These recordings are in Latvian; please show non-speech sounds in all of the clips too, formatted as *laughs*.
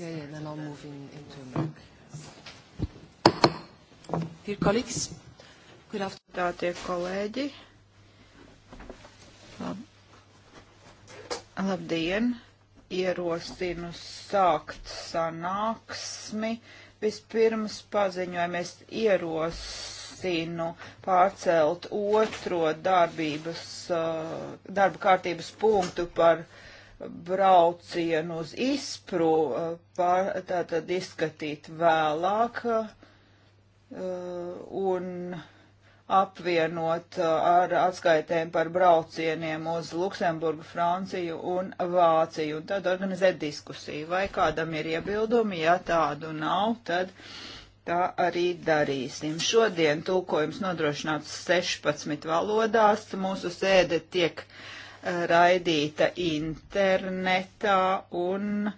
Yeah, yeah, then I'll move in, into America. Dear colleagues, good afternoon. Tātie kolēģi, lab, labdien, ierosinu sākt sanāksmi. Vispirms paziņojamies ierosinu pārcelt otro darbības, uh, darba kārtības punktu par uh, braucienu uz izpru, eh, pār, tātad izskatīt vēlāk eh, un apvienot eh, ar atskaitēm par braucieniem uz Luksemburgu, Franciju un Vāciju, un tad organizēt diskusiju. Vai kādam ir iebildumi, ja tādu nav, tad tā arī darīsim. Šodien tulkojums nodrošināts 16 valodās, mūsu sēde tiek uh, raidīta internetā un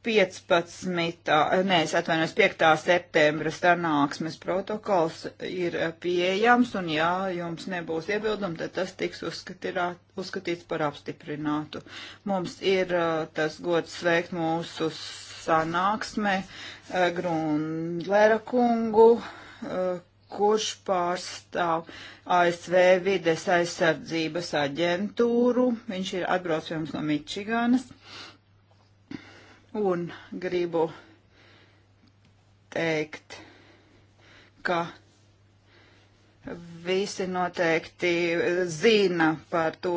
15. Nē, es atvainojos, 5. septembra sanāksmes protokols ir pieejams, un ja jums nebūs iebildumi, tad tas tiks uzskatirā, uzskatīts par apstiprinātu. Mums ir tas gods sveikt mūsu sanāksmē Grundlera kungu, kurš pārstāv ASV vides aizsardzības aģentūru. Viņš ir atbrauc pie mums no Mičiganas. Un gribu teikt, ka visi noteikti zina par to,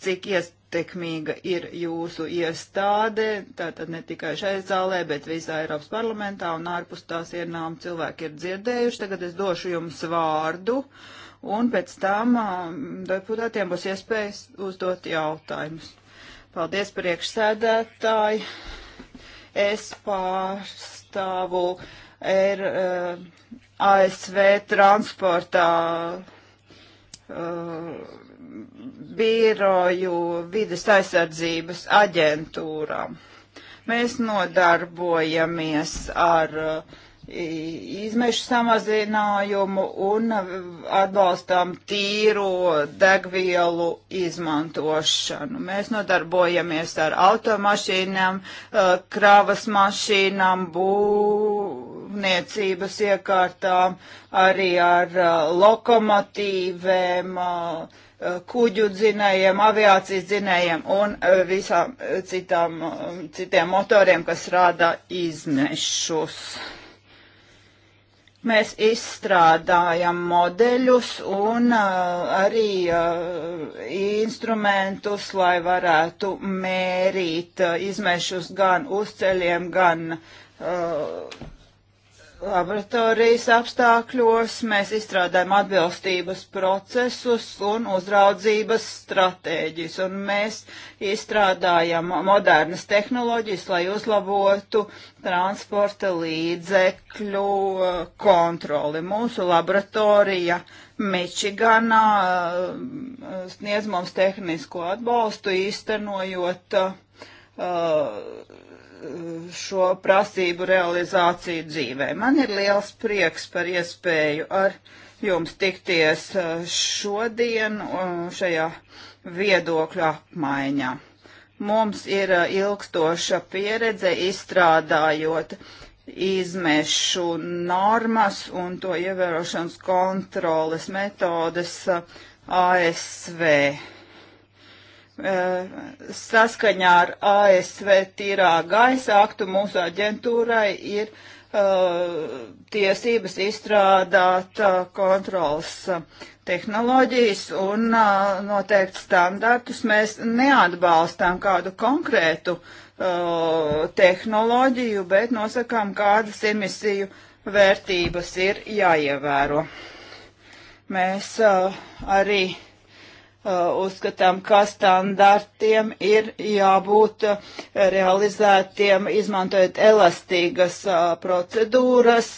cik ies, ietekmīga ir jūsu iestāde, tātad ne tikai šai zālē, bet visā Eiropas parlamentā un ārpus tās ienām cilvēki ir dzirdējuši. Tagad es došu jums vārdu un pēc tam deputātiem būs iespējas uzdot jautājumus. Paldies priekšsēdētāji. Es pārstāvu er, uh, ASV transportā. Uh, biroju vidas aizsardzības aģentūrām. Mēs nodarbojamies ar e, izmešu samazinājumu un atbalstām tīro degvielu izmantošanu. Mēs nodarbojamies ar automašīnām, e, kravas mašīnām, būvniecības iekārtām, arī ar e, lokomotīvēm, uh, kuģu dzinējiem, aviācijas dzinējiem un e, visām e, citām, citiem motoriem, kas rada izmešus. Mēs izstrādājam modeļus un e, arī instrumentus, lai varētu mērīt izmešus gan uz ceļiem, gan uh, laboratorijas apstākļos, mēs izstrādājam atbilstības procesus un uzraudzības stratēģijas, un mēs izstrādājam modernas tehnoloģijas, lai uzlabotu transporta līdzekļu uh, kontroli. Mūsu laboratorija Mičiganā uh, sniedz mums tehnisko atbalstu, īstenojot uh, šo prasību realizāciju dzīvē. Man ir liels prieks par iespēju ar jums tikties uh, šodien uh, šajā viedokļu apmaiņā. Mums ir uh, ilgstoša pieredze izstrādājot izmešu normas un to ievērošanas kontroles metodes ASV Eh, saskaņā ar ASV tīrā gaisa aktu mūsu aģentūrai ir uh, tiesības izstrādāt uh, kontrols uh, tehnoloģijas un noteikti standartus. Mēs neatbalstām kādu konkrētu tehnoloģiju, bet nosakām, kādas emisiju vērtības ir jāievēro. Mēs arī Uh, uzskatām, ka standartiem ir jābūt uh, realizētiem, izmantojot elastīgas uh, procedūras,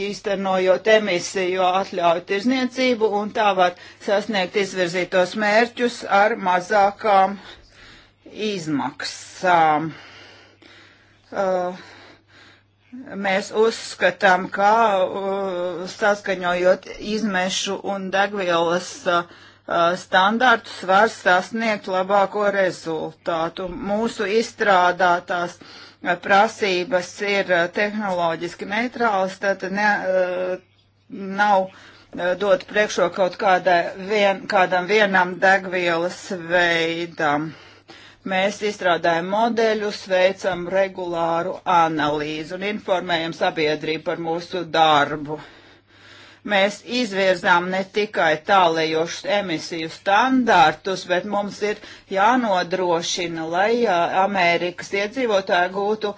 īstenojot emisiju atļauju tirzniecību, un tā var sasniegt izvirzītos mērķus ar mazākām izmaksām. Uh, Mēs uzskatām, ka uh, saskaņojot izmešu un degvielas uh, Uh, standartus var sasniegt labāko rezultātu. Mūsu izstrādātās uh, prasības ir uh, tehnoloģiski neitrālas, tad ne, nav dot priekšro kaut kādai, vien, kādam vienam degvielas veidam. Mēs izstrādājam modeļus, veicam regulāru analīzi un informējam sabiedrību par mūsu darbu. Uh, Mēs izvirzām ne tikai tālējošus emisiju standārtus, bet mums ir jānodrošina, lai Amerikas iedzīvotāji gūtu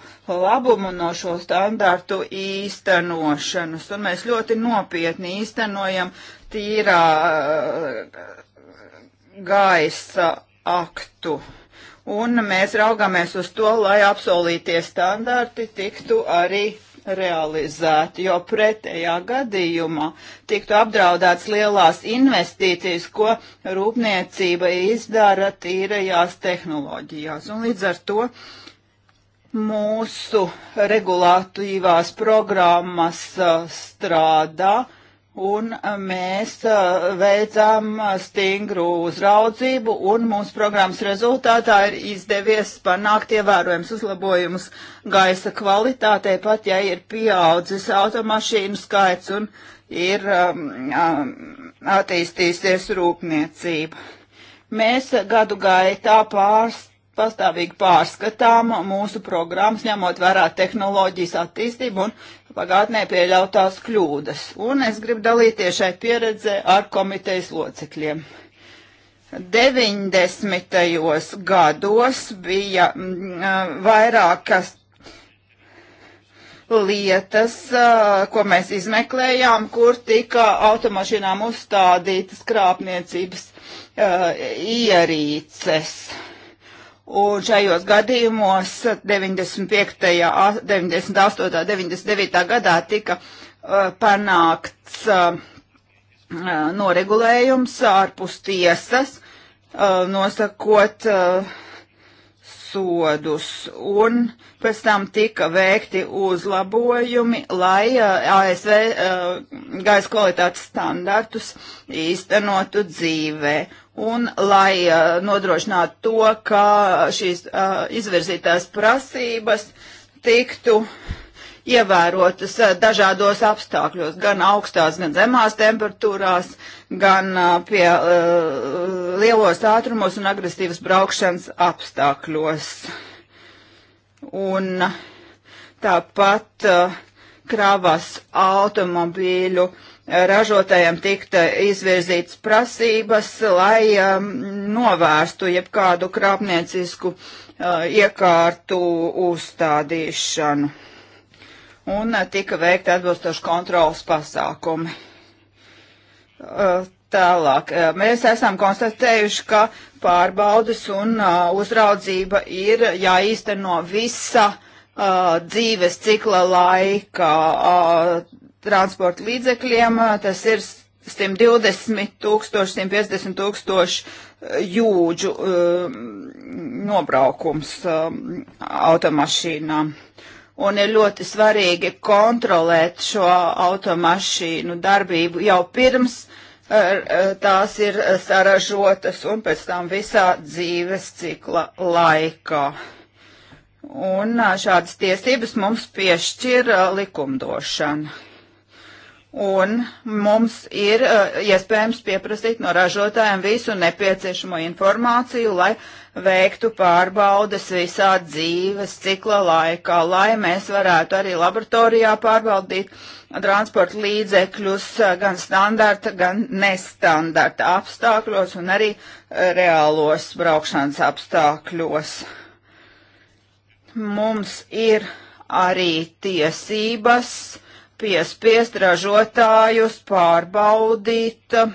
labumu no šo standārtu īstenošanas. Un mēs ļoti nopietni īstenojam tīrā gaisa aktu un mēs raugāmies uz to, lai apsolītie standarti tiktu arī realizēti, jo pretējā gadījumā tiktu apdraudēts lielās investīcijas, ko rūpniecība izdara tīrajās tehnoloģijās. Un līdz ar to mūsu regulātīvās programmas strādā un uh, mēs uh, veicām uh, stingru uzraudzību, un mūsu programmas rezultātā ir izdevies panākt ievērojams uzlabojumus gaisa kvalitātei, pat ja ir pieaudzis automašīnu skaits un ir um, um attīstīsies rūpniecība. Mēs gadu gaitā pārst pastāvīgi pārskatām mūsu programmas, ņemot vērā tehnoloģijas attīstību un pagātnē pieļautās kļūdas. Un es gribu dalīties šai pieredzē ar komitejas locekļiem. 90. gados bija mm, vairākas lietas, ko mēs izmeklējām, kur tika automašīnām uzstādītas krāpniecības ierīces. Uh, Un šajos gadījumos 95., 98., 99. gadā tika uh, panākts uh, uh, noregulējums ārpus tiesas, uh, nosakot uh, sodus, un pēc tam tika veikti uzlabojumi, lai uh, ASV gaisa kvalitātes standartus īstenotu dzīvē un lai uh, nodrošinātu to, ka šīs uh, izvirzītās prasības tiktu ievērotas uh, dažādos apstākļos, gan augstās, gan zemās temperatūrās, gan uh, pie uh, lielos ātrumos un agresīvas braukšanas apstākļos. Un tāpat uh, kravas automobīļu uh, ražotājiem tikta eh, izvirzītas prasības, lai um, novērstu jebkādu krāpniecisku uh, iekārtu uzstādīšanu. Un uh, tika veikta atbilstoši kontrolas pasākumi. Uh, tālāk, mēs esam konstatējuši, ka pārbaudas un uzraudzība ir jāīsteno visa dzīves cikla laikā transporta līdzekļiem. Tas ir 120 tūkstoši, 150 tūkstoši jūdžu uh, nobraukums uh, automašīnām. Un ir ļoti svarīgi kontrolēt šo automašīnu darbību jau pirms uh, tās ir saražotas un pēc tam visā dzīves cikla laikā. Un šādas tiesības mums piešķir likumdošana un mums ir eh, iespējams pieprasīt no ražotājiem visu nepieciešamo informāciju, lai veiktu pārbaudas visā dzīves cikla laikā, lai mēs varētu arī laboratorijā pārbaudīt transporta līdzekļus eh, gan standarta, gan nestandarta apstākļos un arī eh, reālos braukšanas apstākļos. Mums ir arī tiesības uh, piespiest ražotājus pārbaudīt uh,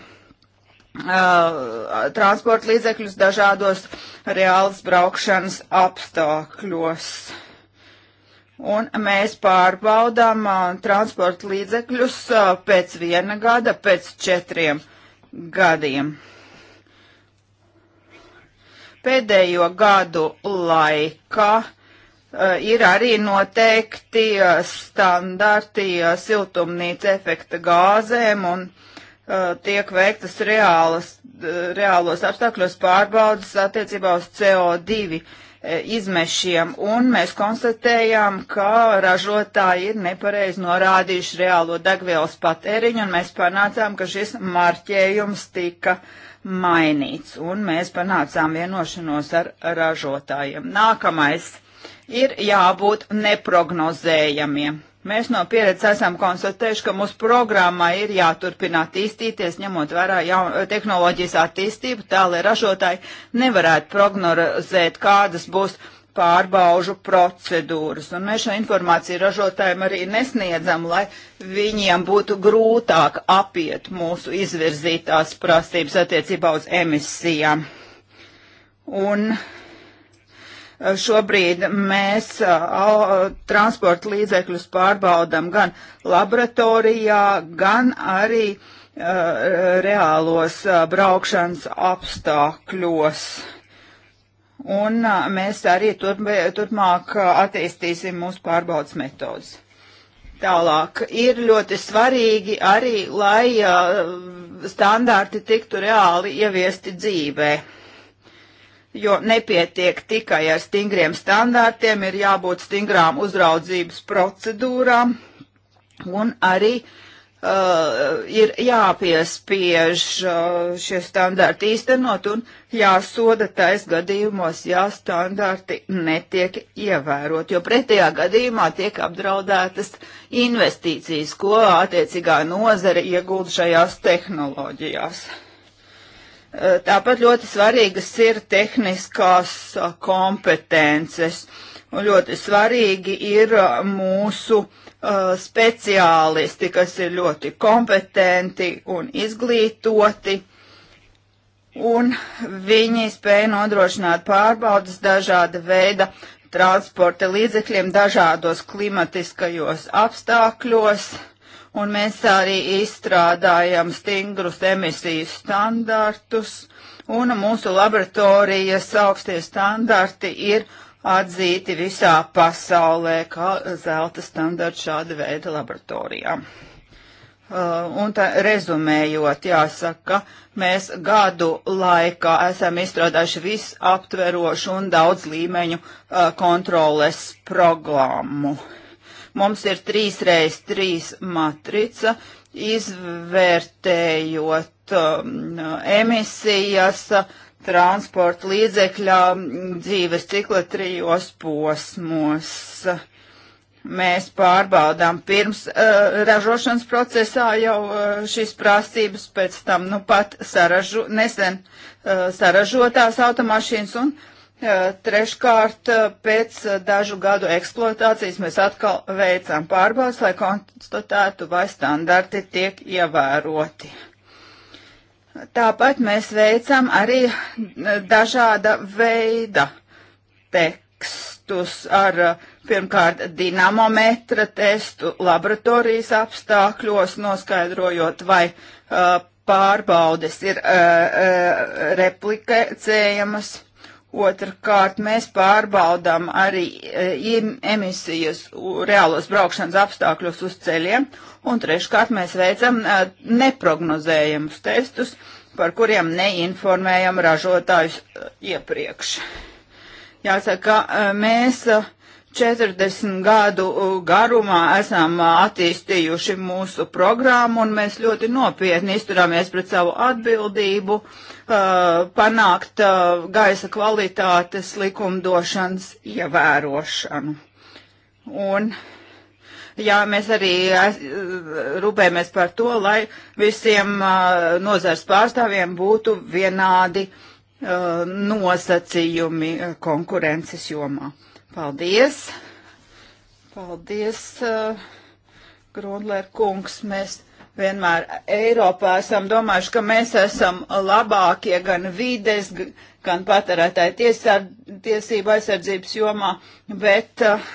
transporta līdzekļus dažādos reāls braukšanas apstākļos. Un mēs pārbaudām uh, transporta līdzekļus uh, pēc viena gada, pēc četriem gadiem. Pēdējo gadu laikā Eh, ir arī noteikti eh, standarti eh, siltumnīca efekta gāzēm un tiek veiktas reālas, reālos apstākļos pārbaudas attiecībā uz CO2 izmešiem, un mēs konstatējām, ka ražotāji ir nepareizi norādījuši reālo degvielas patēriņu, un mēs panācām, ka šis marķējums tika mainīts, un mēs panācām vienošanos ar ražotājiem. Nākamais ir jābūt neprognozējamiem. Mēs no pieredzes esam konstatējuši, ka mūsu programmā ir jāturpina attīstīties, ņemot vērā jaun, tehnoloģijas attīstību, tā lai ražotāji nevarētu prognozēt, kādas būs pārbaužu procedūras. Un mēs šo informāciju ražotājiem arī nesniedzam, lai viņiem būtu grūtāk apiet mūsu izvirzītās prasības attiecībā uz emisijām. Un uh, Šobrīd mēs transporta līdzekļus pārbaudam gan laboratorijā, gan arī reālos braukšanas apstākļos. Un mēs arī turpmāk attīstīsim mūsu pārbaudas metodus. Tālāk ir ļoti svarīgi arī, lai uh, standarti tiktu reāli ieviesti dzīvē jo nepietiek tikai ar stingriem standārtiem, ir jābūt stingrām uzraudzības procedūrām un arī uh, ir jāpiespiež uh, šie standarti īstenot un jāsoda tais gadījumos, ja standarti netiek ievērot, jo pretējā gadījumā tiek apdraudētas investīcijas, ko attiecīgā nozare ieguld šajās tehnoloģijās. Eh, tāpat ļoti svarīgas ir tehniskās eh, kompetences, un ļoti svarīgi ir eh, mūsu uh, speciālisti, kas ir ļoti kompetenti un izglītoti, un viņi spēja nodrošināt pārbaudas dažāda veida transporta līdzekļiem dažādos klimatiskajos apstākļos un mēs arī izstrādājam stingrus emisiju standartus, un mūsu laboratorijas augstie standarti ir atzīti visā pasaulē, kā zelta standarts šāda veida laboratorijā. Uh, un tā rezumējot, jāsaka, mēs gadu laikā esam izstrādājuši visaptverošu un daudz līmeņu uh, kontroles programmu. Uh, Mums ir trīsreiz trīs matrica, izvērtējot um, emisijas transporta līdzekļā um, dzīves cikla trijos posmos. Mēs pārbaudām pirms uh, ražošanas procesā jau uh, šīs prasības, pēc tam nu pat saražu, nesen uh, saražotās automašīnas un uh, Treškārt, eh, pēc eh, dažu gadu eksploatācijas mēs atkal veicām pārbaudas, lai konstatētu, vai standarti tiek ievēroti. Tāpat mēs veicam arī eh, dažāda veida tekstus ar pirmkārt dinamometra testu laboratorijas apstākļos, noskaidrojot, vai uh, pārbaudes ir uh, replikējamas Otrkārt, mēs pārbaudām arī e, emisijas reālos braukšanas apstākļus uz ceļiem. Un treškārt, mēs veicam e, neprognozējumus testus, par kuriem neinformējam ražotājus e, iepriekš. Jāsaka, mēs 40 gadu garumā esam attīstījuši mūsu programmu un mēs ļoti nopietni izturāmies pret savu atbildību. Uh, panākt gaisa kvalitātes likumdošanas ievērošanu. Un jā, mēs arī rūpējamies par to, lai visiem nozars pārstāvjiem būtu vienādi nosacījumi konkurences jomā. Paldies! Paldies, Grondler kungs! Mēs vienmēr Eiropā esam domājuši, ka mēs esam labākie gan vides, gan patērētāju tiesār, tiesību aizsardzības jomā, bet uh,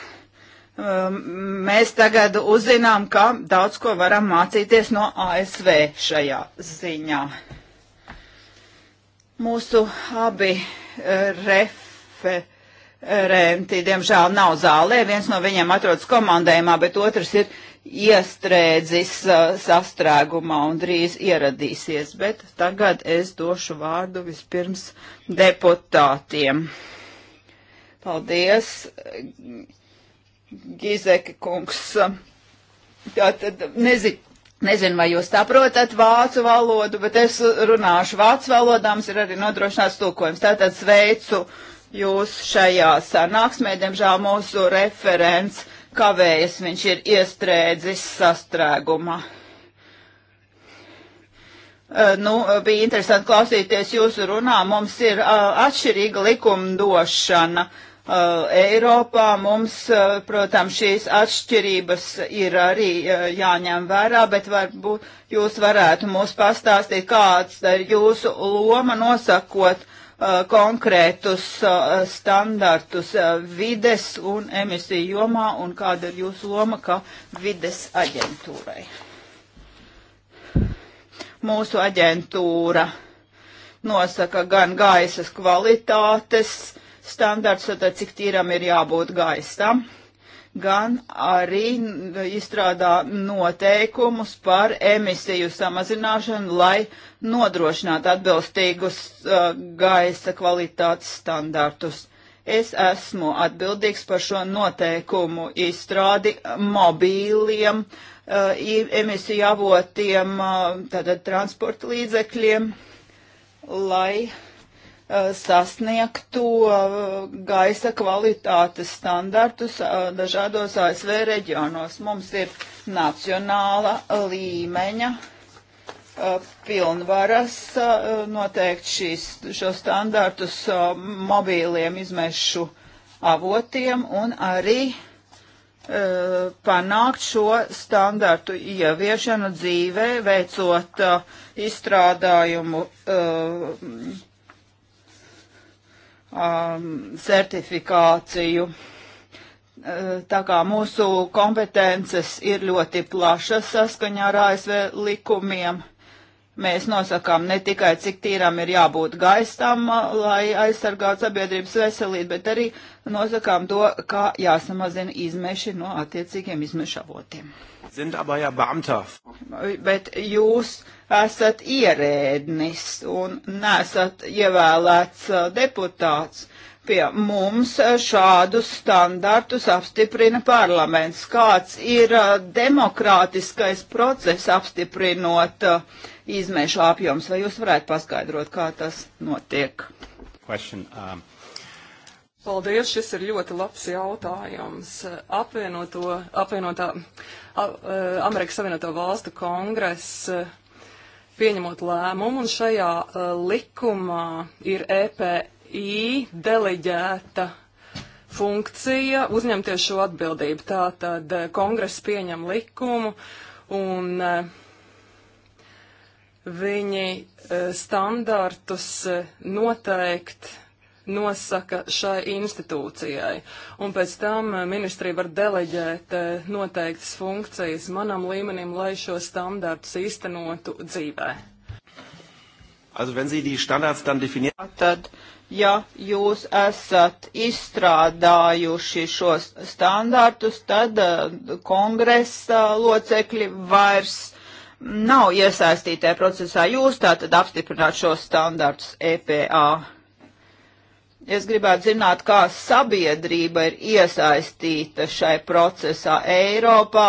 mēs tagad uzzinām, ka daudz ko varam mācīties no ASV šajā ziņā. Mūsu abi uh, eh, referenti referenti, diemžēl, nav zālē. Viens no viņiem atrodas komandējumā, bet otrs ir iestrēdzis uh, sastrēgumā un drīz ieradīsies, bet tagad es došu vārdu vispirms deputātiem. Paldies, Gizeki kungs. Tātad nezinu. Nezinu, vai jūs saprotat vācu valodu, bet es runāšu vācu valodā, mums ir arī nodrošināts tūkojums. Tātad sveicu jūs šajā sanāksmē, diemžēl mūsu referents kavējas, viņš ir iestrēdzis sastrēgumā. Uh, nu, bija interesanti klausīties jūsu runā. Mums ir uh, atšķirīga likumdošana uh, Eiropā. Mums, protams, šīs atšķirības ir arī jāņem vērā, bet varbūt jūs varētu mūs pastāstīt, kāds ir jūsu loma nosakot uh, Uh, konkrētus uh, standartus uh, vides un emisiju jomā un kāda ir jūsu loma kā vides aģentūrai? Mūsu aģentūra nosaka gan gaisas kvalitātes standarts, tad cik tīram ir jābūt gaistam, gan arī izstrādā noteikumus par emisiju samazināšanu, lai nodrošināt atbilstīgus uh, gaisa kvalitātes standartus. Es esmu atbildīgs par šo noteikumu izstrādi mobīliem, uh, emisiju avotiem, uh, tātad transporta līdzekļiem, lai uh, sasniegtu uh, gaisa kvalitātes standartus uh, dažādos ASV reģionos. Mums ir nacionāla līmeņa uh, Eh, pilnvaras eh, noteikt šīs, šo standartus eh, mobīliem izmešu avotiem un arī panākt šo standartu ieviešanu dzīvē, veicot izstrādājumu certifikāciju. Um, tā kā mūsu kompetences ir ļoti plašas saskaņā ar ASV likumiem, Mēs nosakām ne tikai, cik tīram ir jābūt gaistam, lai aizsargātu sabiedrības veselību, bet arī nosakām to, kā jāsamazina izmeši no attiecīgiem izmešavotiem. Bet jūs esat ierēdnis un nesat ievēlēts deputāts pie mums šādus standartus apstiprina parlaments. Kāds ir demokrātiskais process apstiprinot izmešu apjoms. Vai jūs varētu paskaidrot, kā tas notiek? Question, um... Paldies, šis ir ļoti labs jautājums. Apvienoto, apvienotā, a, e, Amerikas Savienoto Valstu kongress e, pieņemot lēmumu, un šajā a, e, likumā ir EPI deleģēta funkcija uzņemties šo atbildību. Tātad kongress pieņem likumu, un a, Viņi e, standartus e, noteikti nosaka šai institūcijai. Un pēc tam e, ministrija var deleģēt noteiktas funkcijas manam līmenim, lai šo standārtus īstenotu dzīvē. Also, wenn Sie die Standards dann definieren. Tad, ja jūs esat izstrādājuši šos standartus, tad uh, kongresa locekļi vairs nav iesaistītē procesā. Jūs tātad apstiprināt šos standartus EPA. Es gribētu zināt, kā sabiedrība ir iesaistīta šai procesā. Eiropā,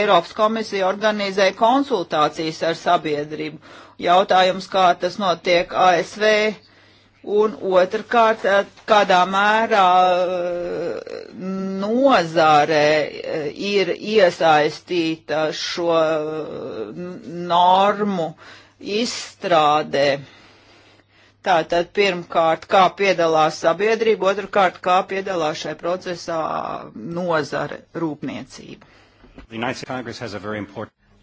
Eiropas komisija organizē konsultācijas ar sabiedrību. Jautājums, kā tas notiek ASV un otrkārt, eh, kādā mērā eh, nozare eh, ir iesaistīta šo normu izstrādē. Tātad pirmkārt, kā piedalās sabiedrība, otrkārt, kā piedalās šai procesā nozare rūpniecība.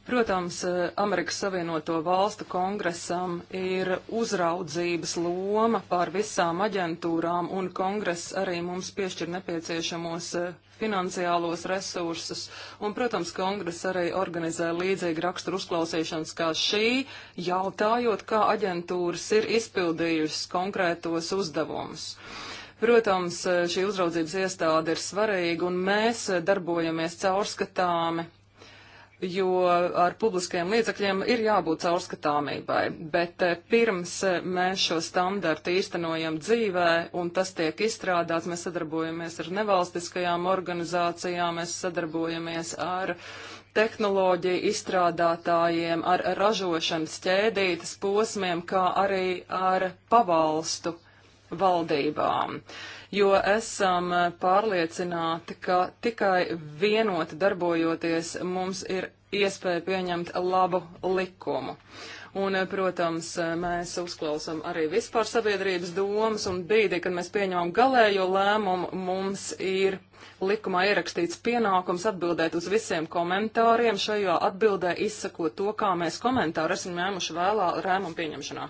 Protams, eh, Amerikas Savienoto Valstu kongresam ir uzraudzības loma pār visām aģentūrām, un kongress arī mums piešķir nepieciešamos eh, finansiālos resursus, un, protams, kongress arī organizē līdzīgi raksturu uzklausīšanas kā šī, jautājot, kā aģentūras ir izpildījušas konkrētos uzdevumus. Protams, eh, šī uzraudzības iestāde ir svarīga, un mēs darbojamies caurskatāmi jo ar publiskajiem līdzakļiem ir jābūt caurskatāmībai. Bet eh, pirms eh, mēs šo standartu īstenojam dzīvē un tas tiek izstrādāts, mēs sadarbojamies ar nevalstiskajām organizācijām, mēs sadarbojamies ar tehnoloģiju izstrādātājiem, ar ražošanas ķēdītas posmiem, kā arī ar pavalstu valdībām, jo esam pārliecināti, ka tikai vienoti darbojoties mums ir iespēja pieņemt labu likumu. Un, eh, protams, eh, mēs uzklausām arī vispār sabiedrības domas, un brīdī, kad mēs pieņemam galējo lēmumu, mums ir likumā ierakstīts pienākums atbildēt uz visiem komentāriem, šajā atbildē izsakot to, kā mēs komentāru esam ņēmuši vēlā rēmumu pieņemšanā.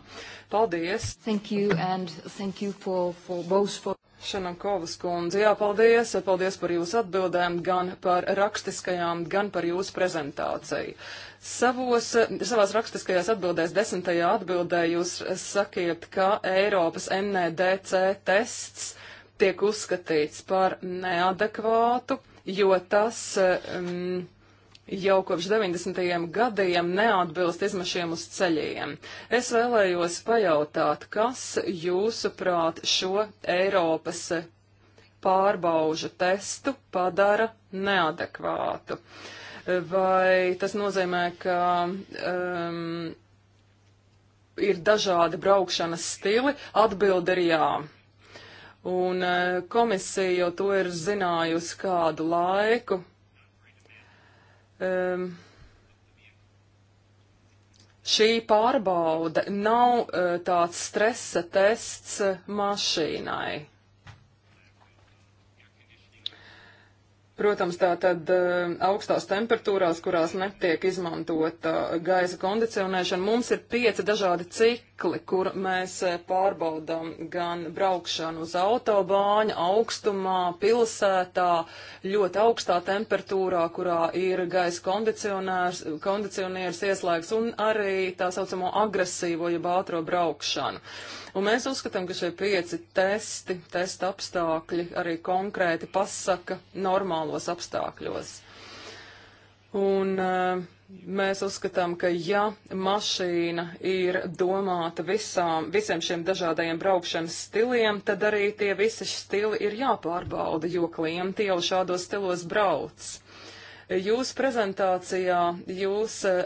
Paldies! Thank you and thank you for, for both for. Šanankovas kundze, jā, paldies, paldies par jūsu atbildēm, gan par rakstiskajām, gan par jūsu prezentāciju. Savos, savās rakstiskajās atbildēs desmitajā atbildē jūs sakiet, ka Eiropas NEDC tests tiek uzskatīts par neadekvātu, jo tas. Um, jau kopš 90. gadiem neatbilst izmešiem uz ceļiem. Es vēlējos pajautāt, kas jūsuprāt šo Eiropas pārbaužu testu padara neadekvātu? Uh, vai tas nozīmē, ka um, ir dažādi braukšanas stili? Atbildi ir jā. Un uh, komisija jau to ir zinājusi kādu laiku. Um, šī pārbauda nav uh, tāds stresa tests mašīnai. Protams, tā tad eh, augstās temperatūrās, kurās netiek izmantota eh, gaisa kondicionēšana, mums ir pieci dažādi cikli, kur mēs eh, pārbaudām gan braukšanu uz autobāņa, augstumā, pilsētā, ļoti augstā temperatūrā, kurā ir gaisa kondicionērs, kondicionieris ieslēgts un arī tā saucamo agresīvo jeb ātro braukšanu. Uh, Un mēs uzskatām, ka šie pieci testi, testa apstākļi arī konkrēti pasaka normālos apstākļos. Un eh, mēs uzskatām, ka ja mašīna ir domāta visām, visiem šiem dažādajiem braukšanas stiliem, tad arī tie visi stili ir jāpārbauda, jo klienti jau šādos stilos brauc. Jūsu prezentācijā jūs eh,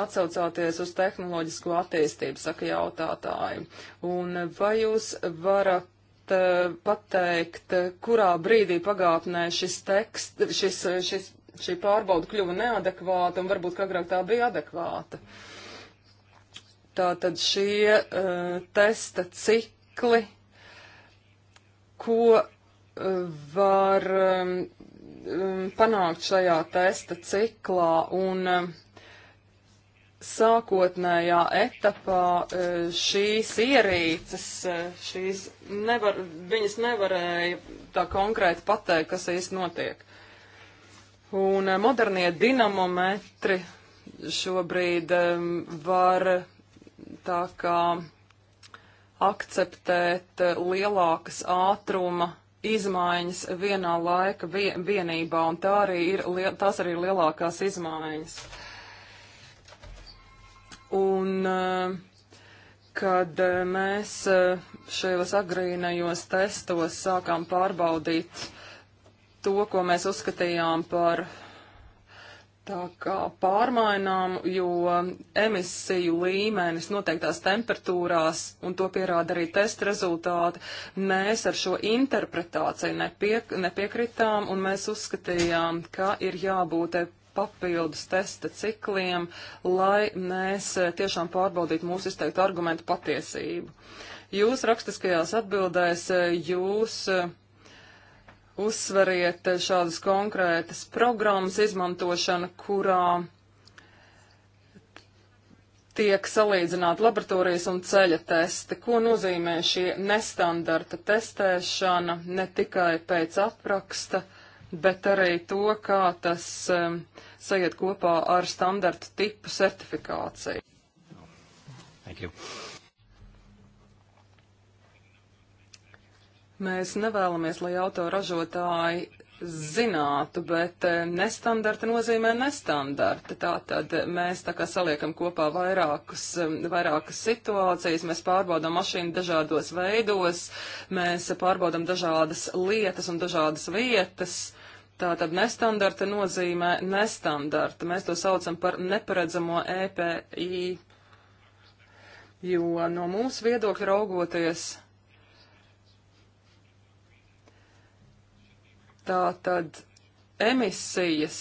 atsaucāties uz tehnoloģisko attīstību, saka jautātāji. Un vai jūs varat eh, pateikt, kurā brīdī pagātnē šis teksts, šis, šis, šī pārbauda kļuva neadekvāta un varbūt agrāk tā bija adekvāta? Tātad šie uh, testa cikli, ko uh, var um, panākt šajā testa ciklā un uh, sākotnējā etapā e, šīs ierīces, e, šīs nevar, viņas nevarēja tā konkrēti pateikt, kas īsti notiek. Un e, modernie dinamometri šobrīd var tā kā akceptēt lielākas ātruma izmaiņas vienā laika vienībā, un tā arī ir, tās arī ir lielākās izmaiņas. Uh, Un eh, kad eh, mēs eh, šajos agrīnajos testos sākām pārbaudīt to, ko mēs uzskatījām par tā kā pārmainām, jo emisiju līmenis noteiktās temperatūrās, un to pierāda arī testa rezultāti, mēs ar šo interpretāciju nepiek, nepiekritām, un mēs uzskatījām, ka ir jābūt papildus testa cikliem, lai mēs eh, tiešām pārbaudītu mūsu izteiktu argumentu patiesību. Jūs rakstiskajās atbildēs eh, jūs eh, uzsveriet šādas konkrētas programmas izmantošanu, kurā tiek salīdzināti laboratorijas un ceļa testi. Ko nozīmē šī nestandarta testēšana ne tikai pēc apraksta, bet arī to, kā tas um, sajiet kopā ar standartu tipu certifikāciju. Thank you. Mēs nevēlamies, lai autoražotāji zinātu, bet um, nestandarta nozīmē nestandarta. Tātad mēs tā kā saliekam kopā vairākus, um, vairākas situācijas, mēs pārbaudām mašīnu dažādos veidos, mēs pārbaudām dažādas lietas un dažādas vietas. Tātad nestandarta nozīmē nestandarta. Mēs to saucam par neparedzamo EPI, jo no mūsu viedokļa raugoties. Tātad emisijas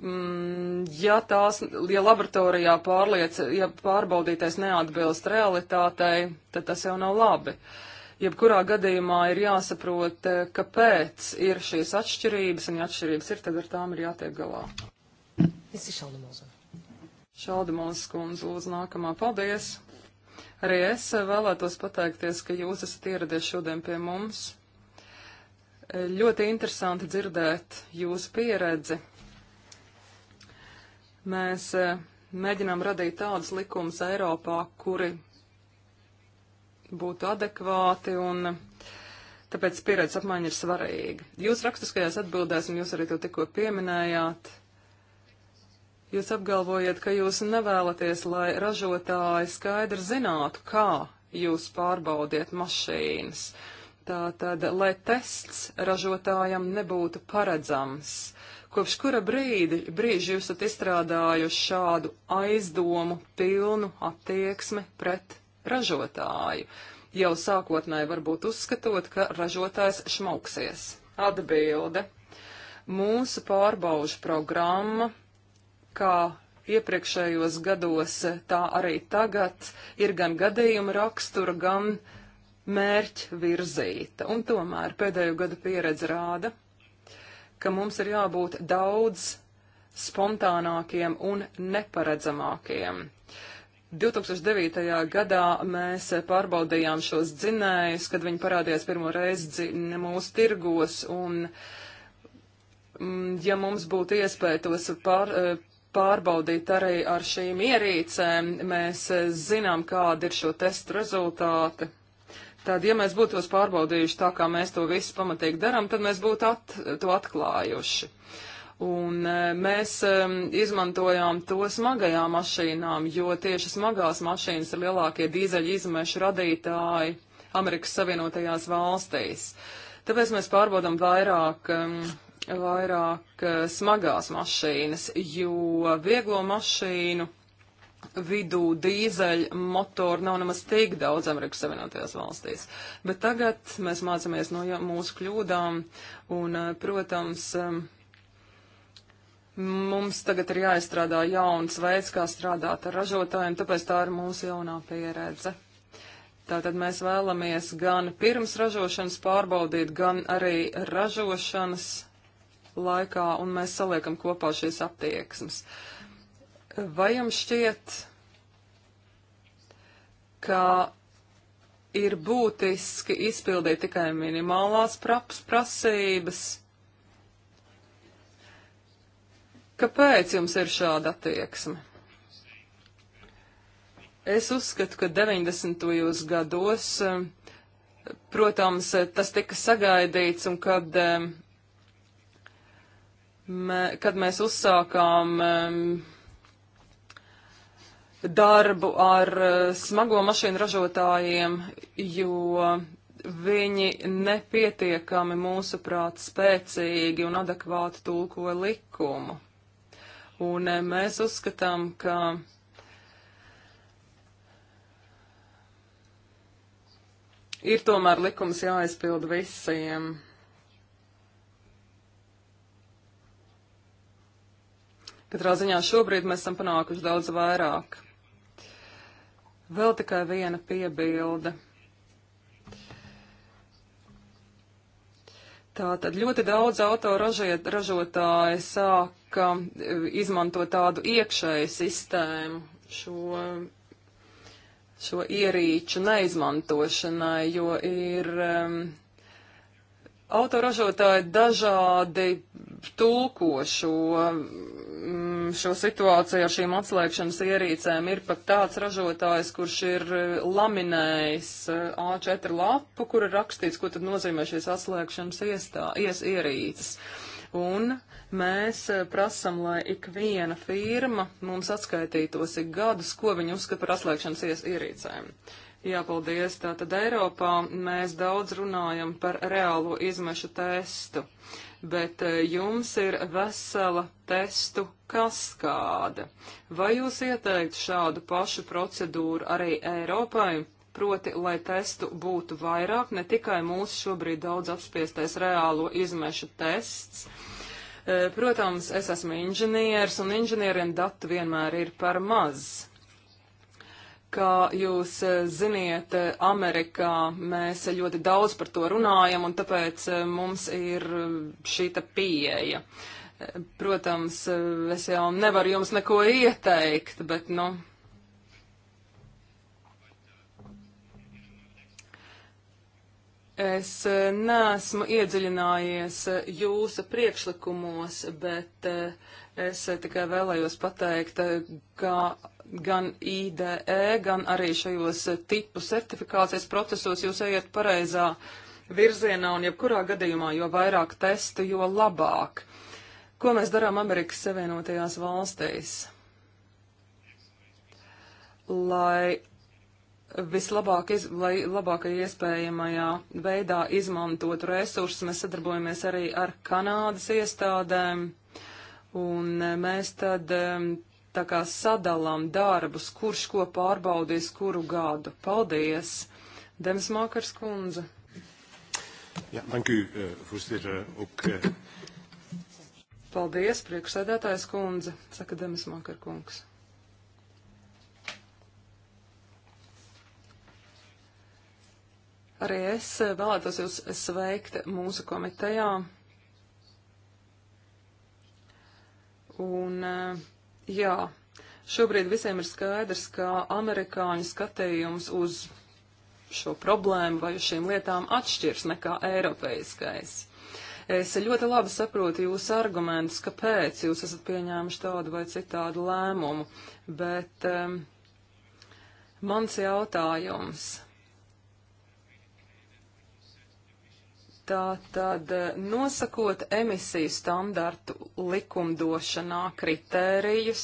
mm, ja tās, ja laboratorijā pārliec, ja pārbaudītais neatbilst realitātei, tad tas jau nav labi. Uh, jebkurā gadījumā ir jāsaprot, eh, kāpēc ir šīs atšķirības, un ja atšķirības ir, tad ar tām ir jātiek galā. Es ir Šaldemoza. Šaldemoza skundze, lūdzu, nākamā. Paldies! Arī es vēlētos pateikties, ka jūs esat ieradies šodien pie mums. Ļoti interesanti dzirdēt jūsu pieredzi. Mēs eh, mēģinām radīt tādus likumus Eiropā, kuri būtu adekvāti un tāpēc pieredzes apmaiņa ir svarīga. Jūs rakstiskajās atbildēs, un jūs arī to tikko pieminējāt, jūs apgalvojat, ka jūs nevēlaties, lai ražotāji skaidri zinātu, kā jūs pārbaudiet mašīnas. Tātad, lai tests ražotājam nebūtu paredzams. Kopš kura brīdi, brīži jūs esat izstrādājuši šādu aizdomu pilnu attieksmi pret ražotāju, jau sākotnēji varbūt uzskatot, ka ražotājs šmauksies. Atbilde. Mūsu pārbaužu programma, kā iepriekšējos gados, tā arī tagad, ir gan gadījuma rakstura, gan mērķa virzīta. Un tomēr pēdējo gadu pieredze rāda, ka mums ir jābūt daudz spontānākiem un neparedzamākiem. 2009. gadā mēs pārbaudījām šos dzinējus, kad viņi parādījās pirmo reizi mūsu tirgos, un mm, ja mums būtu iespēja tos pār, eh, pārbaudīt arī ar šīm ierīcēm, mēs eh, zinām, kādi ir šo testu rezultāti. Tad, ja mēs būtu tos pārbaudījuši tā, kā mēs to visu pamatīgi darām, tad mēs būtu at, to atklājuši. Uh, Un e, mēs um, izmantojām to smagajām mašīnām, jo tieši smagās mašīnas ir lielākie dīzeļu izmešu radītāji Amerikas Savienotajās valstīs. Tāpēc mēs pārbaudām vairāk, um, vairāk uh, smagās mašīnas, jo vieglo mašīnu vidū dīzeļu motoru nav nemaz tik daudz Amerikas Savienotajās valstīs. Bet tagad mēs mācāmies no ja, mūsu kļūdām un, uh, protams, um, Mums tagad ir jāizstrādā jauns veids, kā strādāt ar ražotājiem, tāpēc tā ir mūsu jaunā pieredze. Tātad mēs vēlamies gan pirms ražošanas pārbaudīt, gan arī ražošanas laikā, un mēs saliekam kopā šīs attieksmes. Vai jums šķiet, ka ir būtiski izpildīt tikai minimālās praps prasības? Kāpēc jums ir šāda attieksme? Es uzskatu, ka 90. gados, eh, protams, eh, tas tika sagaidīts, un kad, eh, mē, kad mēs uzsākām darbu ar smago mašīnu ražotājiem, jo viņi nepietiekami, mūsuprāt, spēcīgi un adekvāti tulko likumu. Un eh, mēs uzskatām, ka ir tomēr likums jāaizpilda visiem. Katrā ziņā šobrīd mēs esam panākuši daudz vairāk. Vēl tikai viena piebilde. Tātad ļoti daudz autoražotāji sāka e, izmantot tādu iekšēju sistēmu šo, šo ierīču neizmantošanai, jo ir um, autoražotāji dažādi tulko šo um, šo situāciju ar šīm atslēgšanas ierīcēm ir pat tāds ražotājs, kurš ir e, laminējis e, A4 lapu, kur ir rakstīts, ko tad nozīmē šīs atslēgšanas iestā, ies ierīces. Un mēs e, prasam, lai ik viena firma mums atskaitītos ik gadus, ko viņi uzskata par atslēgšanas ies ierīcēm. Jā, paldies. Tātad Eiropā mēs daudz runājam par reālo izmešu testu. Uh, bet eh, jums ir vesela testu kaskāde. Vai jūs ieteikt šādu pašu procedūru arī Eiropai? Proti, lai testu būtu vairāk, ne tikai mūsu šobrīd daudz apspiestais reālo izmešu tests, eh, Protams, es esmu inženieris, un inženieriem datu vienmēr ir par maz. Kā jūs eh, ziniet, eh, Amerikā mēs ļoti daudz par to runājam, un tāpēc eh, mums ir šīta pieeja. Protams, es jau nevaru jums neko ieteikt, bet, nu. Es neesmu iedziļinājies jūsu priekšlikumos, bet es tikai vēlējos pateikt, ka gan IDE, gan arī šajos tipu certifikācijas procesos jūs ejat pareizā virzienā un jebkurā gadījumā, jo vairāk testu, jo labāk. Ko mēs darām Amerikas Savienotajās valstīs? Lai vislabāk, iz, lai labākajā iespējamajā veidā izmantotu resursus, mēs sadarbojamies arī ar Kanādas iestādēm, un mēs tad tā kā sadalām darbus, kurš ko pārbaudīs kuru gadu. Paldies! Demis Mākars kundze. Jā, ja, dank u, eh, voorzitter, uh, ook. Uh... Paldies, priekšsēdētājs kundze, saka Demis Mākar kungs. Arī es eh, vēlētos jūs sveikt mūsu komitejā. Un uh, Jā, šobrīd visiem ir skaidrs, ka amerikāņu skatījums uz šo problēmu vai uz šīm lietām atšķirs nekā eiropeiskais. Es ļoti labi saprotu jūsu argumentus, kāpēc jūs esat pieņēmuši tādu vai citādu lēmumu, bet um, mans jautājums Tā tad eh, nosakot emisiju standartu likumdošanā kritērijus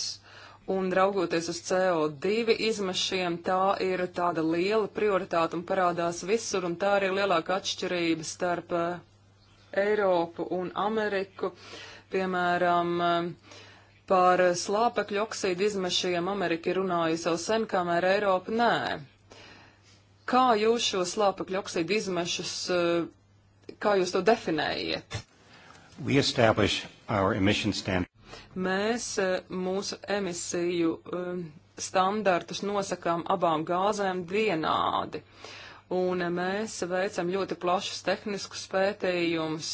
un raugoties uz CO2 izmešiem, tā ir tāda liela prioritāte un parādās visur, un tā arī ir lielāka atšķirība starp eh, Eiropu un Ameriku. Piemēram, eh, par slāpekļu oksīdu izmešiem Amerika ir runājusi jau sen, kamēr Eiropa nē. Kā jūs šo slāpekļu oksīdu izmešus kā jūs to definējiet? Mēs eh, mūsu emisiju eh, standartus nosakām abām gāzēm vienādi, un eh, mēs veicam ļoti plašus tehniskus pētījumus.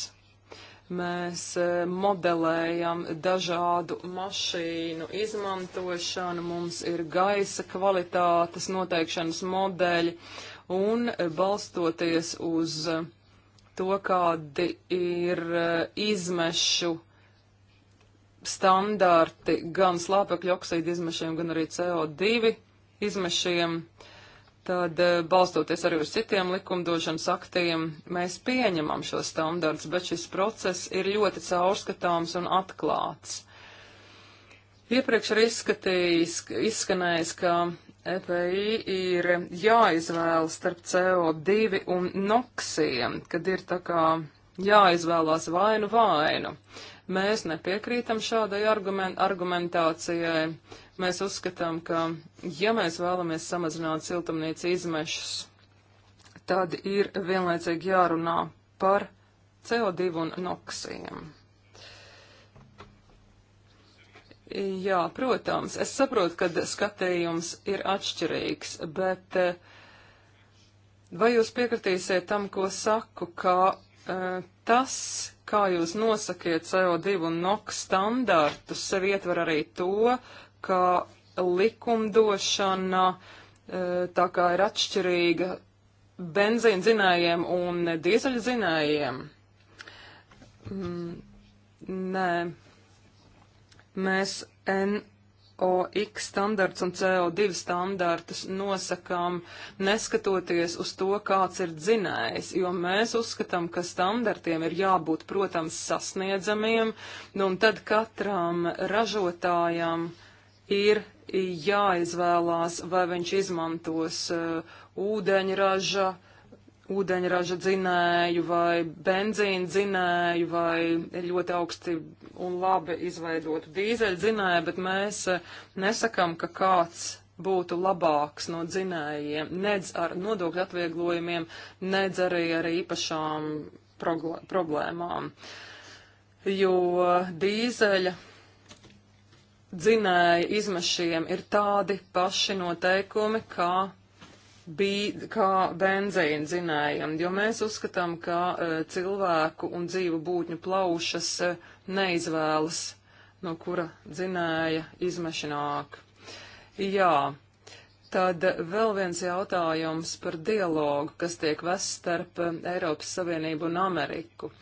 Mēs modelējam dažādu mašīnu izmantošanu, mums ir gaisa kvalitātes noteikšanas modeļi, un balstoties uz uh, to, kādi ir eh, izmešu standarti gan slāpekļa oksīdu izmešiem, gan arī CO2 izmešiem, tad eh, balstoties arī uz citiem likumdošanas aktiem, mēs pieņemam šo standarts, bet šis process ir ļoti caurskatāms un atklāts. Iepriekš ir izskatījis, izskanējis, ka EPI ir jāizvēlas starp CO2 un noksiem, kad ir tā kā jāizvēlās vainu vainu. Mēs nepiekrītam šādai argument, argumentācijai. Mēs uzskatām, ka ja mēs vēlamies samazināt siltumnīca izmešus, tad ir vienlaicīgi jārunā par CO2 un noksiem. Jā, protams, es saprotu, ka skatījums ir atšķirīgs, bet eh, vai jūs piekritīsiet tam, ko saku, ka uh, tas, kā jūs nosakiet CO2 un NOx standartus, sev ietver arī to, ka likumdošana uh, tā kā ir atšķirīga benzīna zinējiem un dīzeļa zinējiem? Mm, nē mēs NOx standarts un CO2 standartus nosakām, neskatoties uz to, kāds ir dzinējs, jo mēs uzskatām, ka standartiem ir jābūt, protams, sasniedzamiem, nu, un tad katram ražotājam ir jāizvēlās, vai viņš izmantos uh, ūdeņraža, uh, ūdeņraža dzinēju vai benzīna dzinēju vai ļoti augsti un labi izveidotu dīzeļu dzinēju, bet mēs eh, nesakam, ka kāds būtu labāks no dzinējiem, nedz ar nodokļu atvieglojumiem, nedz arī ar īpašām problēmām. Jo dīzeļa dzinēja izmešiem ir tādi paši noteikumi, kā bija kā benzīna zinējumi, jo mēs uzskatām, ka uh, cilvēku un dzīvu būtņu plaušas uh, neizvēlas, no kura dzinēja izmešanāk. Jā, tad vēl viens jautājums par dialogu, kas tiek vests starp uh, Eiropas Savienību un Ameriku.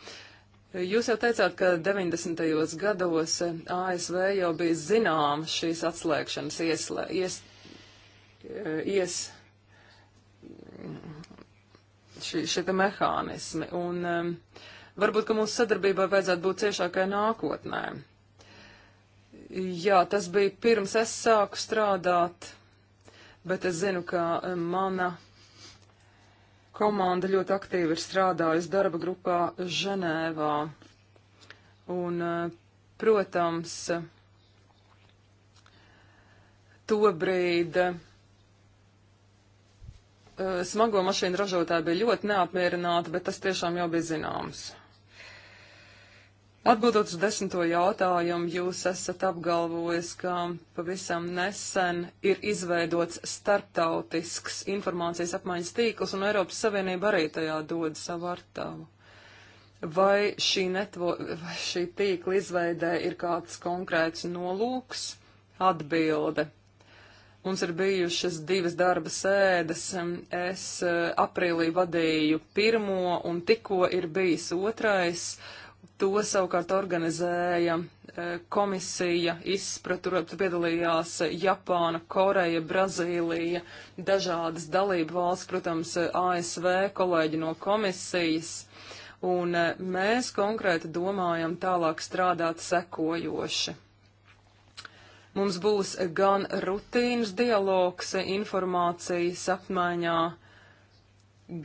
Jūs jau teicāt, ka 90. gados ASV jau bija zināms šīs atslēgšanas ieslē, ies, ies, šī, šie te mehānismi. Un um, varbūt, ka mūsu sadarbībai vajadzētu būt ciešākai nākotnē. Jā, tas bija pirms es sāku strādāt, bet es zinu, ka um, mana komanda ļoti aktīvi ir strādājusi darba grupā Ženēvā. Un, uh, protams, to brīdi Eh, smago mašīnu ražotāji bija ļoti neapmierināti, bet tas tiešām jau bija zināms. Atbildot uz desmito jautājumu, jūs esat apgalvojis, ka pavisam nesen ir izveidots starptautisks informācijas apmaiņas tīkls, un Eiropas Savienība arī tajā dod savu artavu. Vai šī, netvo, vai šī tīkla izveidē ir kāds konkrēts nolūks? Atbilde. Mums ir bijušas divas darba sēdes. Es eh, aprīlī vadīju pirmo un tikko ir bijis otrais. To savukārt organizēja eh, komisija, izpraturot piedalījās Japāna, Koreja, Brazīlija, dažādas dalību valsts, protams, ASV kolēģi no komisijas. Un eh, mēs konkrēti domājam tālāk strādāt sekojoši. Mums būs gan rutīnas dialogs informācijas apmaiņā,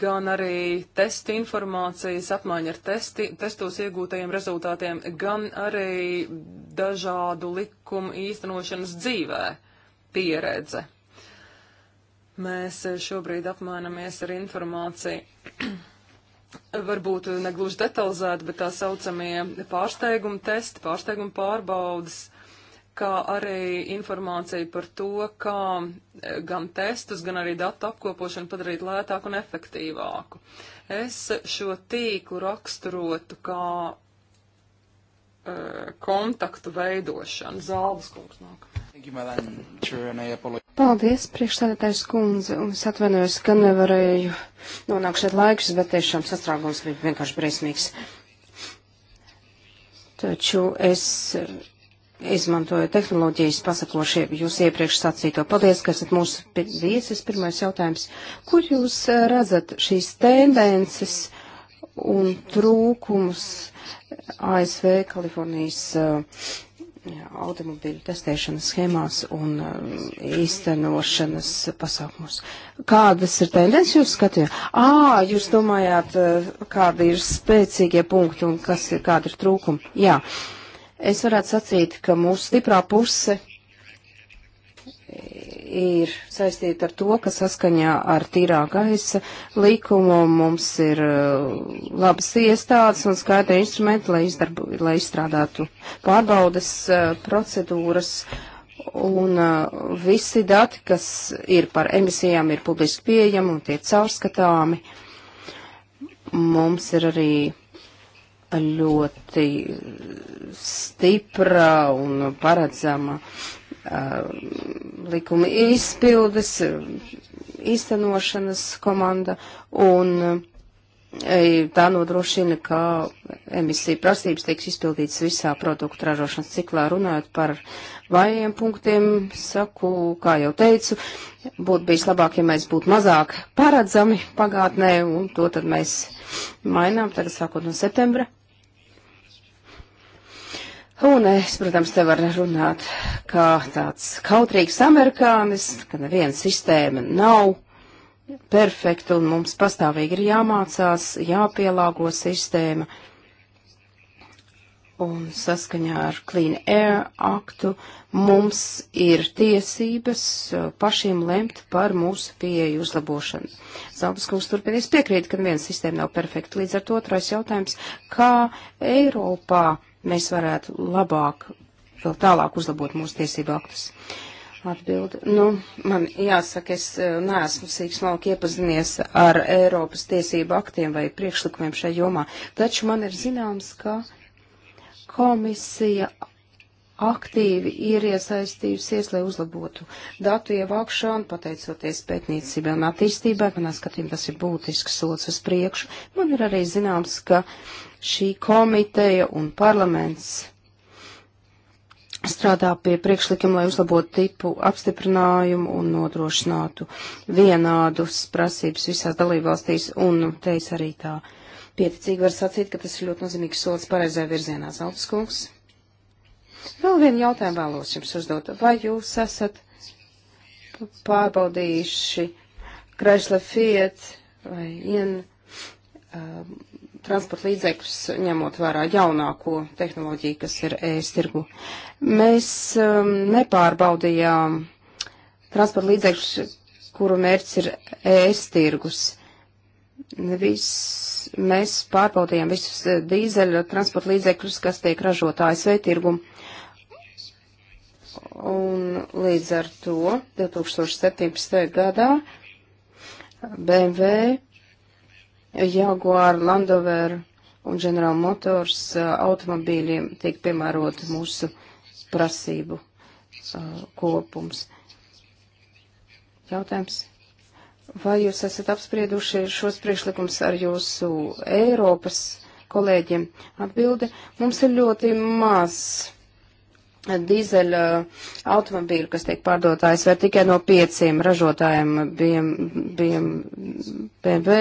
gan arī testa informācijas apmaiņa ar testi, testos iegūtajiem rezultātiem, gan arī dažādu likumu īstenošanas dzīvē pieredze. Mēs šobrīd apmainamies ar informāciju. *clears throat* Varbūt negluži detalizēti, bet tā saucamie pārsteiguma testi, pārsteiguma pārbaudas kā arī informācija par to, kā e, gan testus, gan arī datu apkopošanu padarīt lētāku un efektīvāku. Es šo tīklu raksturotu kā e, kontaktu veidošanu. Zāles kungs nāk. Paldies, priekšstādātais kundze, un es atvainojos, ka nevarēju nonākt šeit laikus, bet tiešām sastrāgums bija vienkārši briesmīgs. Taču es izmantoja tehnoloģijas pasakošie jūs iepriekš sacīto. Paldies, ka esat mūsu viesis. Pirmais jautājums. Kur jūs eh, redzat šīs tendences un trūkumus ASV, Kalifornijas jā, eh, automobīļu testēšanas schēmās un eh, īstenošanas pasākumus? Kādas ir tendences jūs skatījāt? Ā, jūs domājāt, kādi ir spēcīgie punkti un kas ir, kādi ir trūkumi? Jā. Uh, Es varētu sacīt, ka mūsu stiprā puse ir saistīta ar to, ka saskaņā ar tīrā gaisa likumu mums ir uh, labas iestādes un skaidri instrumenti, lai, izdarbu, lai izstrādātu pārbaudas uh, procedūras. Un uh, visi dati, kas ir par emisijām, ir publiski pieejami un tie caurskatāmi. Mums ir arī ļoti stipra un paredzama likuma izpildes, īstenošanas komanda, un tā nodrošina, ka emisija prasības tiks izpildītas visā produktu ražošanas ciklā. Runājot par vājiem punktiem, saku, kā jau teicu, būtu bijis labāk, ja mēs būtu mazāk paredzami pagātnē, un to tad mēs mainām tagad sākot no septembra. Un es, protams, te varu runāt kā tāds kautrīgs amerikānis, ka neviena sistēma nav perfekta un mums pastāvīgi ir jāmācās, jāpielāgo sistēma. Un saskaņā ar Clean Air aktu mums ir tiesības uh, pašiem lemt par mūsu pieeju uzlabošanu. Zaldas kungs turpinies piekrīt, ka neviena sistēma nav perfekta. Līdz ar to otrais jautājums, kā Eiropā mēs varētu labāk, vēl tālāk uzlabot mūsu tiesību aktus. Atbildi. Nu, man jāsaka, es eh, neesmu sīk smalki iepazinies ar Eiropas tiesību aktiem vai priekšlikumiem šajā jomā, taču man ir zināms, ka komisija aktīvi ir iesaistījusies, lai uzlabotu datu ievākšanu, pateicoties pētniecībai un attīstībai. Manā skatījumā tas ir būtisks solis uz priekšu. Man ir arī zināms, ka šī komiteja un parlaments strādā pie priekšlikuma, lai uzlabotu tipu apstiprinājumu un nodrošinātu vienādus prasības visās dalībvalstīs, un te es arī tā pieticīgi varu sacīt, ka tas ir ļoti nozīmīgs solis pareizajā virzienā, Zaltas kungs. Vēl vienu jautājumu vēlos jums uzdot. Vai jūs esat pārbaudījuši Kreisla Fiat vai Ien um, transporta līdzekļus, ņemot vērā jaunāko tehnoloģiju, kas ir ēstirgu? Mēs um, nepārbaudījām transporta līdzekļus, kuru mērķis ir ēstirgus. Vis, mēs pārbaudījām visus uh, dīzeļu transporta līdzekļus, kas tiek ražot ASV tirgumu Un līdz ar to 2017. gadā BMW, Jaguar, Landover un General Motors uh, automobīļiem tiek piemērot mūsu prasību uh, kopums. Jautājums. Vai jūs esat apsprieduši šos priekšlikums ar jūsu Eiropas kolēģiem? Atbilde. Mums ir ļoti maz dīzeļa uh, automobīļu, kas tiek pārdotājs, vai tikai no pieciem ražotājiem BMW,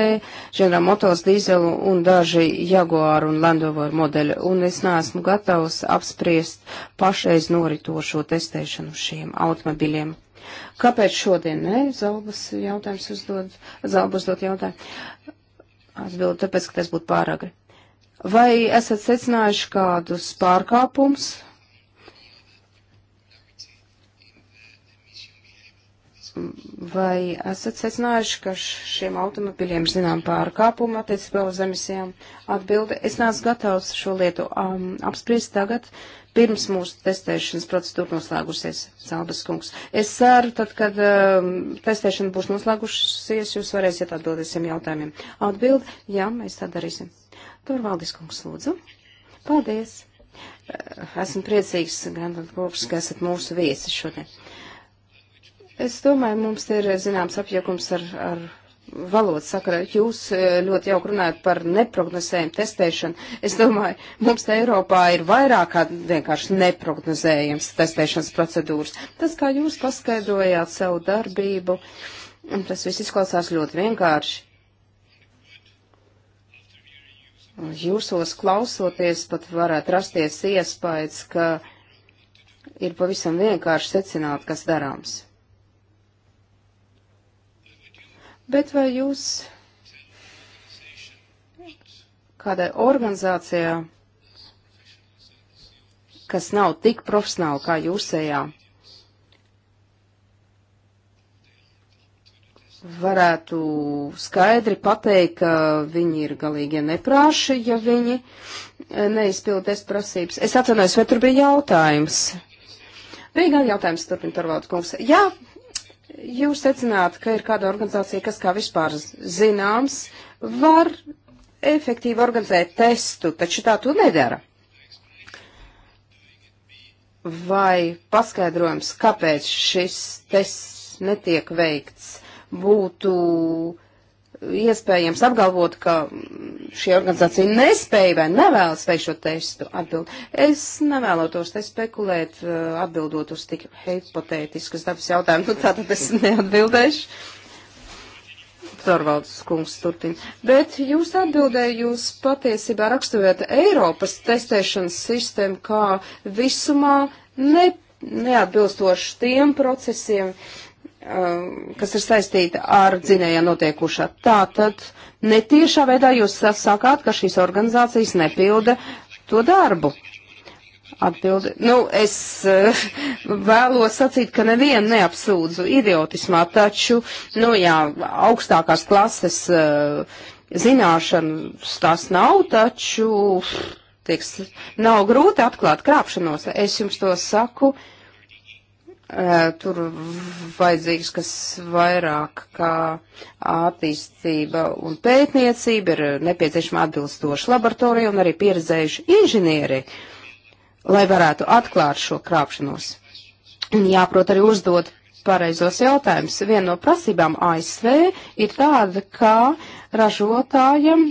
General Motors dīzelu un daži Jaguar un Land Rover modeļi. Un es neesmu gatavs apspriest pašreiz noritošo testēšanu šiem automobīļiem. Kāpēc šodien? Nē, Zalbas jautājums uzdod, Zalbas dod jautājumu. Atbildu, tāpēc, ka tas būtu pāragri. Vai esat secinājuši kādus pārkāpumus? Vai esat secinājuši, ka šiem automobiļiem zinām pārkāpumu attiecībā uz emisijām? Atbilde, es nāc gatavs šo lietu um, apspriest tagad, pirms mūsu testēšanas procedūra noslēgusies, Zalbas kungs. Es ceru, tad, kad um, testēšana būs noslēgusies, jūs varēsiet atbildēt šiem jautājumiem. Atbilde, jā, mēs tā darīsim. Torvaldis kungs, lūdzu. Paldies. Esmu priecīgs, Grandot Kops, ka esat mūsu viesi šodien. Uh, Es domāju, mums ir zināms apjukums ar, ar valodas sakarā. Jūs e, ļoti jauk runājat par neprognozējumu testēšanu. Es domāju, mums te Eiropā ir vairāk kā vienkārši neprognozējums testēšanas procedūras. Tas, kā jūs paskaidrojāt savu darbību, tas viss izklausās ļoti vienkārši. Jūsos klausoties pat varētu rasties iespējas, ka ir pavisam vienkārši secināt, kas darāms. Bet vai jūs kādai organizācijā, kas nav tik profesionāli kā jūsējā, varētu skaidri pateikt, ka viņi ir galīgi neprāši, ja viņi eh, neizpildēs prasības. Es atvainojos, vai tur bija jautājums? Bija gan jautājums, turpina Torvalds kungs. Jā, Jūs secināt, ka ir kāda organizācija, kas kā vispār zināms, var efektīvi organizēt testu, taču tā tu nedara. Vai paskaidrojums, kāpēc šis tests netiek veikts, būtu iespējams apgalvot, ka šī organizācija nespēja vai nevēlas veikt šo testu atbild. Es nevēlotos te spekulēt, eh, atbildot uz tik hipotētiskas dabas jautājumu, nu tātad es neatbildēšu. Torvalds kungs turpina. Bet jūs atbildēju, jūs patiesībā raksturēt Eiropas testēšanas sistēmu kā visumā ne, neatbilstošu tiem procesiem, uh, Uh, kas ir saistīta ar dzinējiem notiekušā. Tātad netiešā veidā jūs sakāt, ka šīs organizācijas nepilda to darbu. Atbildi. Nu, es uh, *laughs* vēlos sacīt, ka nevienu neapsūdzu idiotismā, taču, nu jā, augstākās klases uh, zināšanas tās nav, taču tieks, nav grūti atklāt krāpšanos. Es jums to saku. Uh, tur vajadzīgs kas vairāk kā attīstība un pētniecība, ir nepieciešama atbilstoša laboratorija un arī pieredzējuši inženieri, lai varētu atklāt šo krāpšanos. Un jāprot arī uzdot pareizos jautājumus. Viena no prasībām ASV ir tāda, kā ražotājam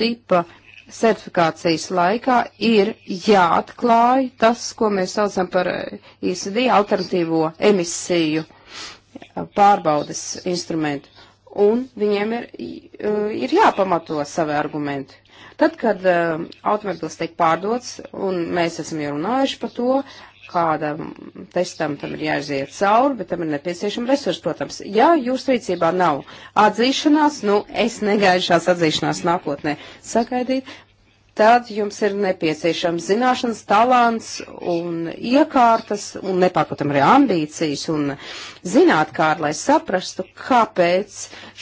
tipa certifikācijas laikā ir jāatklāj tas, ko mēs saucam par eh, ICD alternatīvo emisiju eh, pārbaudes instrumentu. Un viņiem ir, eh, ir jāpamato savi argumenti. Tad, kad automobilis tiek pārdots, un mēs esam jau runājuši par to, kādam testam tam ir jāiziet cauri, bet tam ir nepieciešama resursa, protams. Ja jūsu rīcībā nav atzīšanās, nu es negaidu šās atzīšanās nākotnē sagaidīt, tad jums ir nepieciešams zināšanas, talants un iekārtas un nepārprotam arī ambīcijas un zināt kā, lai saprastu, kāpēc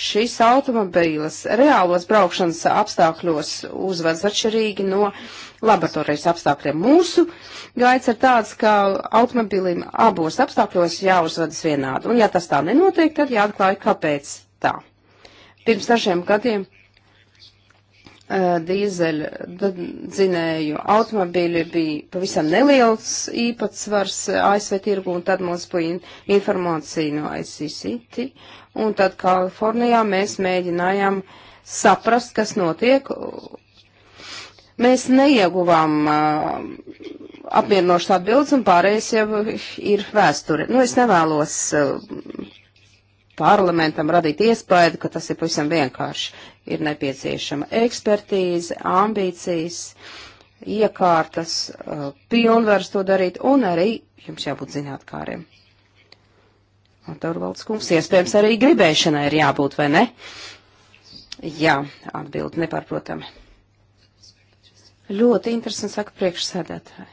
šīs automobīles reālos braukšanas apstākļos uzvedas atšķirīgi no laboratorijas apstākļiem. Mūsu gaids ir tāds, ka automobīlim abos apstākļos jāuzvedas vienādi. Un ja tas tā nenotiek, tad jāatklāja, kāpēc tā. Pirms dažiem gadiem Eh, dīzeļu dzinēju automobīļi bija pavisam neliels īpatsvars eh, ASV tirgu, un tad mums bija informācija no ICCT, un tad Kalifornijā mēs mēģinājām saprast, kas notiek. Mēs neieguvām uh, eh, apmierinošas atbildes, un pārējais jau ir vēsture. Nu, es nevēlos uh, parlamentam radīt iespēju, ka tas ir pavisam vienkārši. Ir nepieciešama ekspertīze, ambīcijas, iekārtas, uh, pilnvars to darīt, un arī jums jābūt zinātkāriem. Un Torvalds kungs, iespējams, arī gribēšanai ir jābūt, vai ne? Jā, atbild nepārprotami. Ļoti interesanti saka priekšsēdētāji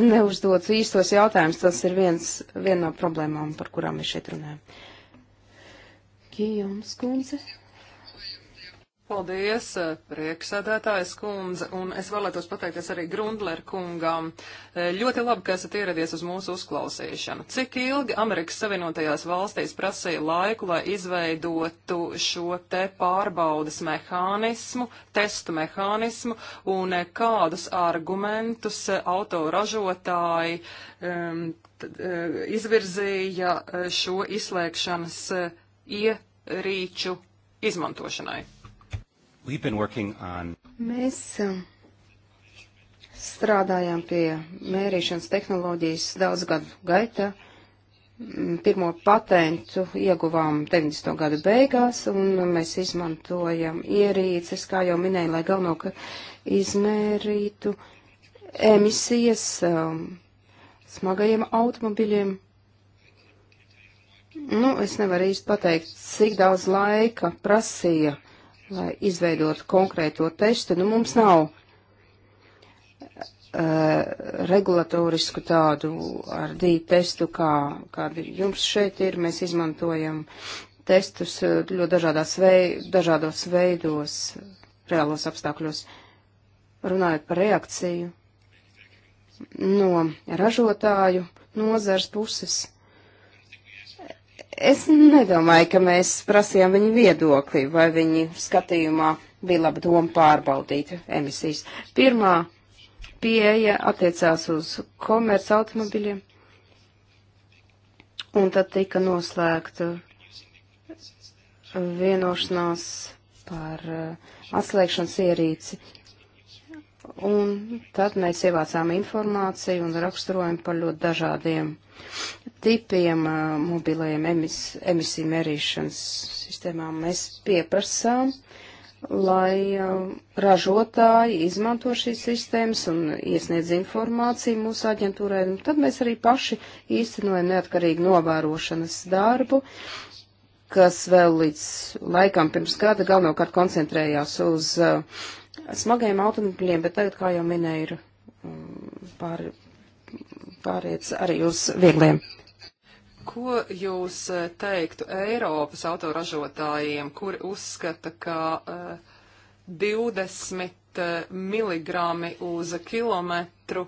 neuzdodas īstos jautājumus. Tas ir viens, viena no problēmām, par kurām mēs šeit runājam. Kijums kundze. Paldies, eh, prieksēdētājs kundze, un es vēlētos pateikties arī Grundler kungam. Eh, ļoti labi, ka esat ieradies uz mūsu uzklausīšanu. Cik ilgi Amerikas Savienotajās valstīs prasīja laiku, lai izveidotu šo te pārbaudas mehānismu, testu mehānismu, un eh, kādus argumentus autoražotāji um, t, izvirzīja šo izslēgšanas ierīču izmantošanai? on... Mēs um, strādājām pie mērīšanas tehnoloģijas daudz gadu gaitā. Mm, pirmo patentu ieguvām 90. gada beigās, un mēs izmantojam ierīces, kā jau minēju, lai galvenokārt izmērītu emisijas um, smagajiem automobiļiem. Nu, es nevaru īsti pateikt, cik daudz laika prasīja uh, lai izveidotu konkrēto testu. Nu, mums nav Uh, regulatorisku tādu ar dīķu testu, kā, kāda jums šeit ir. Mēs izmantojam testus uh, ļoti dažādās vei, dažādos veidos, reālos apstākļos. Runājot par reakciju no ražotāju nozars puses, Es nedomāju, ka mēs prasījām viņu viedokli, vai viņi skatījumā bija laba doma pārbaudīt emisijas. Pirmā pieeja attiecās uz komerca automobiļiem, un tad tika noslēgta vienošanās par uh, atslēgšanas ierīci. Un tad mēs ievācām informāciju un raksturojam par ļoti dažādiem tipiem mobilajiem emis, emisiju mērīšanas sistēmām mēs pieprasām, lai ražotāji izmanto šīs sistēmas un iesniedz informāciju mūsu aģentūrai. Un tad mēs arī paši īstenojam neatkarīgu novērošanas darbu, kas vēl līdz laikam pirms gada galvenokārt koncentrējās uz uh, smagajiem automobiļiem, bet tagad, kā jau minēju, ir pār, pārēc arī uz viegliem. Ko jūs eh, teiktu Eiropas autoražotājiem, kuri uzskata, ka uh, eh, 20 eh, miligrami uz kilometru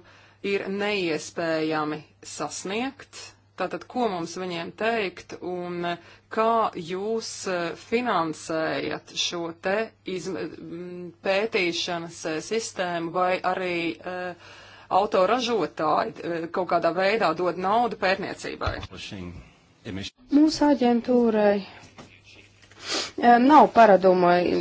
ir neiespējami sasniegt? Tātad, ko mums viņiem teikt un kā jūs finansējat šo te izm, pētīšanas sistēmu vai arī uh, autoražotāji eh, kaut kādā veidā dod naudu pētniecībai? Mūsu aģentūrai eh, nav paraduma eh,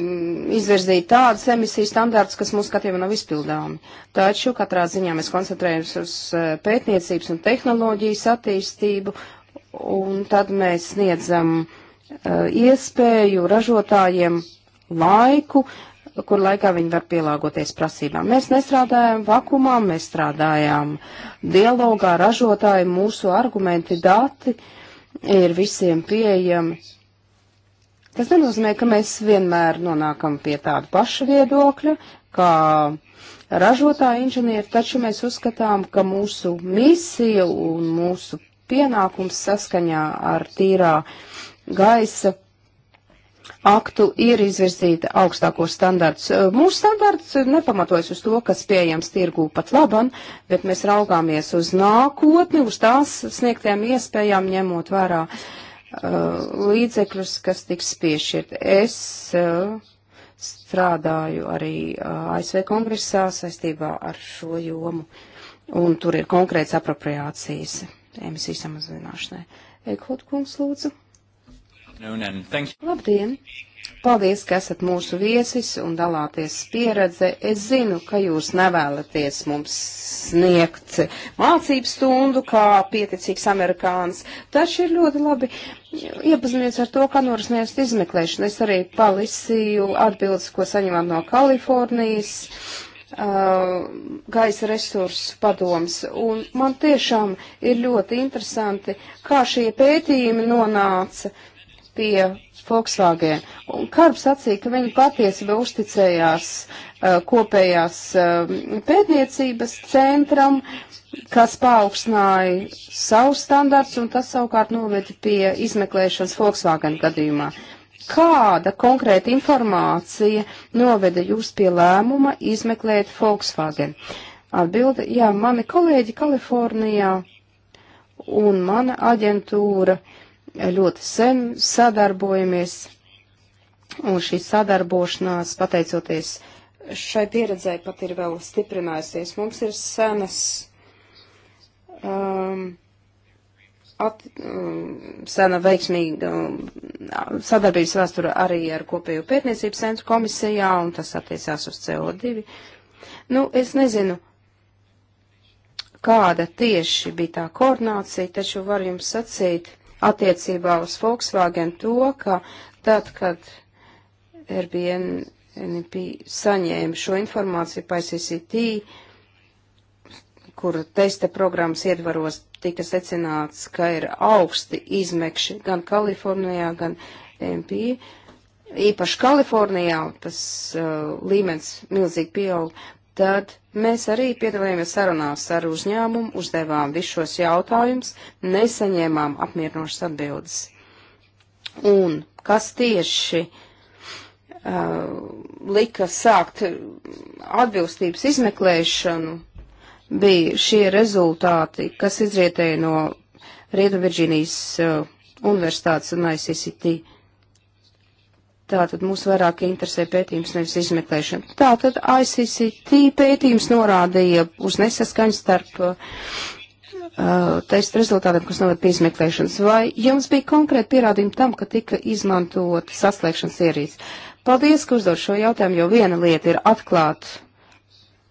izvirzīt tādas emisiju standārtas, kas mūsu skatījumā nav izpildāmi. Taču katrā ziņā mēs koncentrējamies uz pētniecības un tehnoloģijas attīstību, un tad mēs sniedzam iespēju ražotājiem laiku uh, kur laikā viņi var pielāgoties prasībām. Mēs nestrādājām vakumā, mēs strādājām dialogā, ražotāji, mūsu argumenti, dati ir visiem pieejami. Tas nenozīmē, ka mēs vienmēr nonākam pie tāda paša viedokļa, kā ražotāji inženieri, taču mēs uzskatām, ka mūsu misija un mūsu pienākums saskaņā ar tīrā gaisa aktu ir izvirzīta augstākos standarts. Eh, mūsu standarts nepamatojas uz to, kas pieejams tirgū pat laban, bet mēs raugāmies uz nākotni, uz tās sniegtajām iespējām ņemot vērā uh, līdzekļus, kas tiks piešķirt. Es uh, strādāju arī uh, ASV kongresā saistībā ar šo jomu, un tur ir konkrēts apropriācijas emisiju samazināšanai. Eikhot kungs, lūdzu. Labdien! Paldies, ka esat mūsu viesis un dalāties pieredze. Es zinu, ka jūs nevēlaties mums sniegt mācību stundu kā pieticīgs amerikānis, taču ir ļoti labi iepazinies ar to, kā norisinājusi izmeklēšana. Es arī palisīju atbildes, ko saņemam no Kalifornijas. Uh, gaisa resursu padoms. Un man tiešām ir ļoti interesanti, kā šie pētījumi nonāca uh, pie Volkswagen. Un Karps sacīja, ka viņi patiesībā uzticējās uh, kopējās uh, pētniecības centram, kas paaugstināja savus standarts, un tas savukārt noveda pie izmeklēšanas Volkswagen gadījumā. Kāda konkrēta informācija noveda jūs pie lēmuma izmeklēt Volkswagen? Atbilde, jā, mani kolēģi Kalifornijā un mana aģentūra uh, ļoti sen sadarbojamies, un šī sadarbošanās, pateicoties šai pieredzē, pat ir vēl stiprinājusies. Mums ir senas, um, at, um, sena veiksmīga um, sadarbības vēstura arī ar kopējo pētniecības centru komisijā, un tas attiecās uz CO2. Nu, es nezinu, kāda tieši bija tā koordinācija, taču var jums sacīt, attiecībā uz Volkswagen to, ka tad, kad Airbnb saņēma šo informāciju pa ICCT, kur testa programmas iedvaros tika secināts, ka ir augsti izmekši gan Kalifornijā, gan MP. Īpaši Kalifornijā tas uh, līmenis milzīgi pieauga tad mēs arī piedalījāmies sarunās ar uzņēmumu, uzdevām visus šos jautājumus, nesaņēmām apmierinošas atbildes. Un kas tieši uh, lika sākt atbilstības izmeklēšanu, bija šie rezultāti, kas izrietēja no Rietu Virģīnijas uh, universitātes un ICCT. Tātad mūs vairāk interesē pētījums, nevis izmeklēšana. Tātad ICCT pētījums norādīja uz nesaskaņu starp uh, testa rezultātiem, kas noved pie izmeklēšanas. Vai jums bija konkrēti pierādījumi tam, ka tika izmantot saslēgšanas ierīces? Paldies, ka uzdod šo jautājumu, jo viena lieta ir atklāt,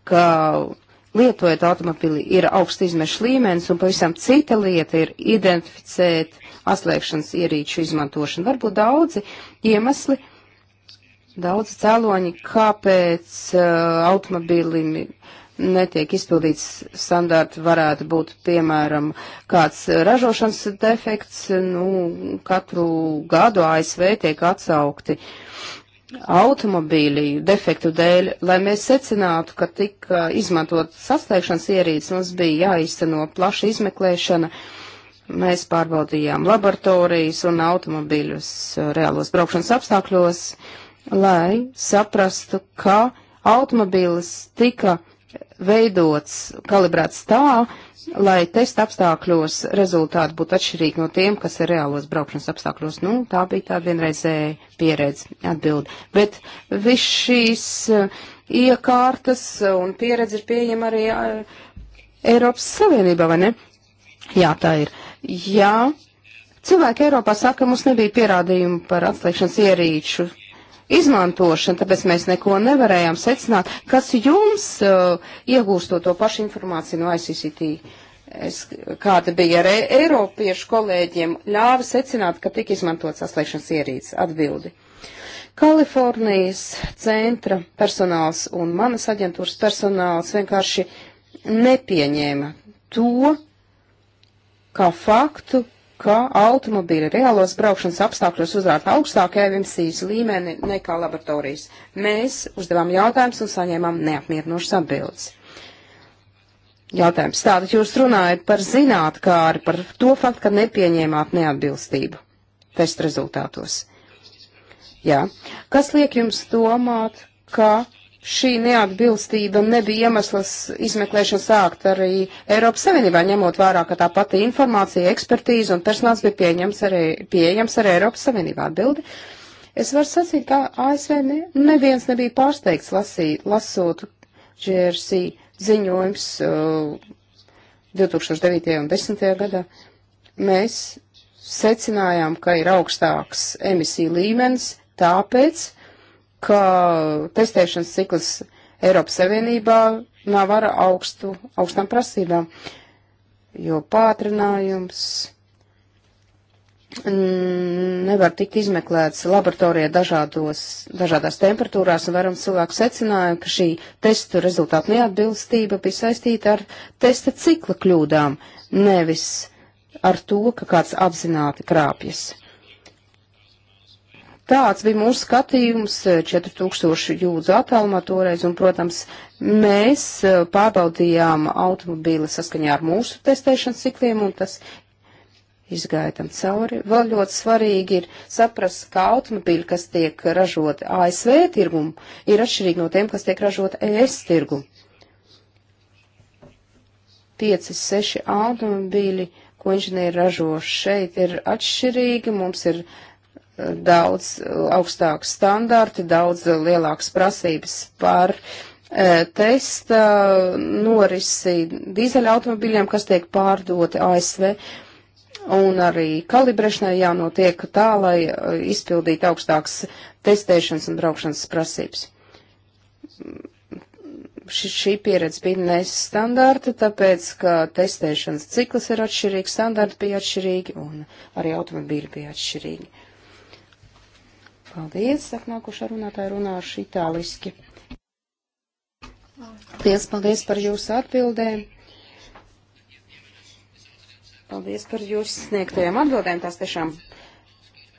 ka lietojot automobili ir augsts izmešu līmenis, un pavisam cita lieta ir identificēt atslēgšanas ierīču izmantošanu. Varbūt daudzi iemesli daudz cēloņi, kāpēc uh, automobilim netiek izpildīts standārti, varētu būt, piemēram, kāds ražošanas defekts, nu, katru gadu ASV tiek atsaukti automobīļu defektu dēļ, lai mēs secinātu, ka tika izmantot saslēgšanas ierīces, mums bija jāizceno plaša izmeklēšana, mēs pārbaudījām laboratorijas un automobīļus uh, reālos braukšanas apstākļos, uh, lai saprastu, ka automobīlis tika veidots, kalibrēts tā, lai testa apstākļos rezultāti būtu atšķirīgi no tiem, kas ir reālos braukšanas apstākļos. Nu, tā bija tāda vienreizēja pieredze atbildi. Bet viss šīs uh, iekārtas un pieredze ir pieejama arī uh, Eiropas Savienībā, vai ne? Jā, tā ir. Jā, cilvēki Eiropā saka, mums nebija pierādījumu par atslēgšanas ierīču izmantošana, tāpēc mēs neko nevarējām secināt. Kas jums uh, iegūstot to pašu informāciju no ICCT? Es, kāda bija ar Eiropiešu kolēģiem, ļāva secināt, ka tika izmantots atslēgšanas ierīces atbildi. Kalifornijas centra personāls un manas aģentūras personāls vienkārši nepieņēma to, kā faktu, ka automobīļa reālos braukšanas apstākļos uzrāda augstāku emisijas līmeni nekā laboratorijas. Mēs uzdevām jautājumus un saņēmām neapmierinošas atbildes. Jautājums tātad jūs runājat par zinātkāri, par to faktu, ka nepieņēmāt neatbilstību testa rezultātos. Jā. Kas liek jums domāt, ka šī neatbilstība nebija iemesls izmeklēšanu sākt arī Eiropas Savienībā, ņemot vērā, ka tā pati informācija, ekspertīze un personāls bija pieņems arī, pieejams arī Eiropas Savienībā atbildi. Es varu sacīt, ka ASV ne, neviens nebija pārsteigts lasīt, lasot GRC ziņojums uh, 2009. un 10. gadā. Mēs secinājām, ka ir augstāks emisiju līmenis, tāpēc, ka testēšanas cikls Eiropas Savienībā nav ar augstu, augstām prasībām, jo pātrinājums nevar tikt izmeklēts laboratorijā dažādos, dažādās temperatūrās, un varam cilvēku secināja, ka šī testu rezultātu neatbilstība bija saistīta ar testa cikla kļūdām, nevis ar to, ka kāds apzināti krāpjas. Tāds bija mūsu skatījums 4000 eh, jūdzu attālumā toreiz, un, protams, mēs eh, pārbaudījām automobīli saskaņā ar mūsu testēšanas cikliem, un tas izgāja tam cauri. Vēl ļoti svarīgi ir saprast, ka automobīļi, kas tiek ražoti ASV tirgumu, ir atšķirīgi no tiem, kas tiek ražoti ES tirgumu. 5-6 automobīļi, ko inženieri ražo šeit, ir atšķirīgi. Mums ir uh, daudz augstāki standarti, daudz lielākas prasības par e, testa norisi dīzeļautomobiļiem, kas tiek pārdoti ASV. Un arī kalibrēšanai jānotiek tā, lai e, izpildītu augstākas testēšanas un braukšanas prasības. Ši, šī pieredze bija nestandarta, tāpēc, ka testēšanas cikls ir atšķirīgs, standarti bija atšķirīgi un arī automobīļi bija atšķirīgi. Paldies, saka nākošā runātāja runāšu itāliski. Liels paldies par jūsu atbildēm. Paldies par jūsu sniegtajām atbildēm. Tās tiešām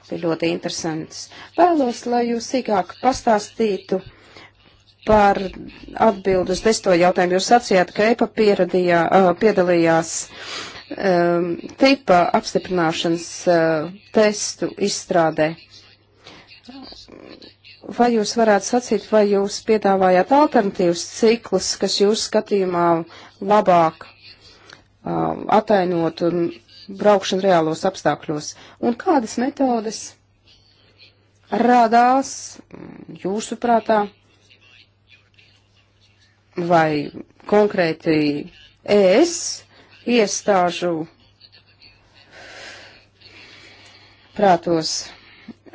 bija ļoti interesantas. Vēlos, lai jūs sīkāk pastāstītu par atbildu uz desto jautājumu. Jūs sacījāt, ka EPA pieradījā, uh, piedalījās um, tipa apstiprināšanas uh, testu izstrādē. Vai jūs varētu sacīt, vai jūs piedāvājat alternatīvas ciklus, kas jūs skatījumā labāk um, atainot un braukšanu reālos apstākļos? Un kādas metodes radās jūsu prātā vai konkrēti ES iestāžu prātos?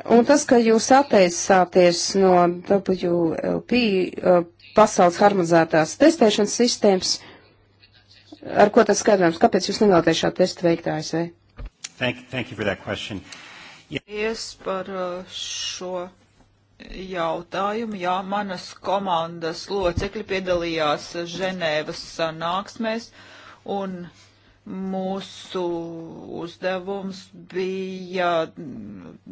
Un tas, ka jūs atteicāties no WLP uh, pasaules harmonizētās testēšanas sistēmas, ar ko tas skaidrojams? Kāpēc jūs nevēlaties šādu testu veikt ASV? Thank, thank you for that question. Yeah. Es par uh, šo jautājumu. Jā, manas komandas locekļi piedalījās Ženēvas sanāksmēs un mūsu uzdevums bija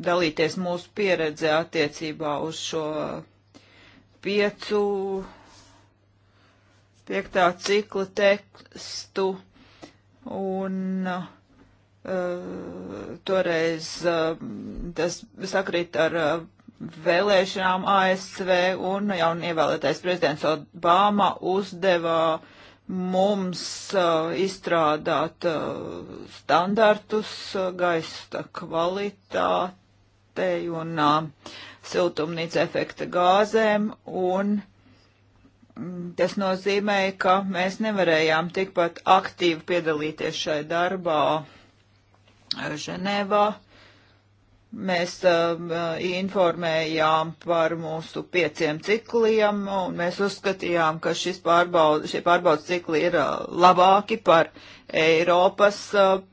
dalīties mūsu pieredze attiecībā uz šo piecu, piektā cikla tekstu, un uh, toreiz uh, tas sakrit ar uh, vēlēšanām ASV, un jaun ievēlētais prezidents Obama uzdevā uh, mums uh, izstrādāt uh, standartus uh, gaista kvalitātei un uh, siltumnīca efekta gāzēm, un mm, tas nozīmē, ka mēs nevarējām tikpat aktīvi piedalīties šai darbā uh, Ženēvā. Mēs um, uh, informējām par mūsu pieciem cikliem, un mēs uzskatījām, ka pārbaud, šie pārbaudas cikli ir uh, labāki par Eiropas uh,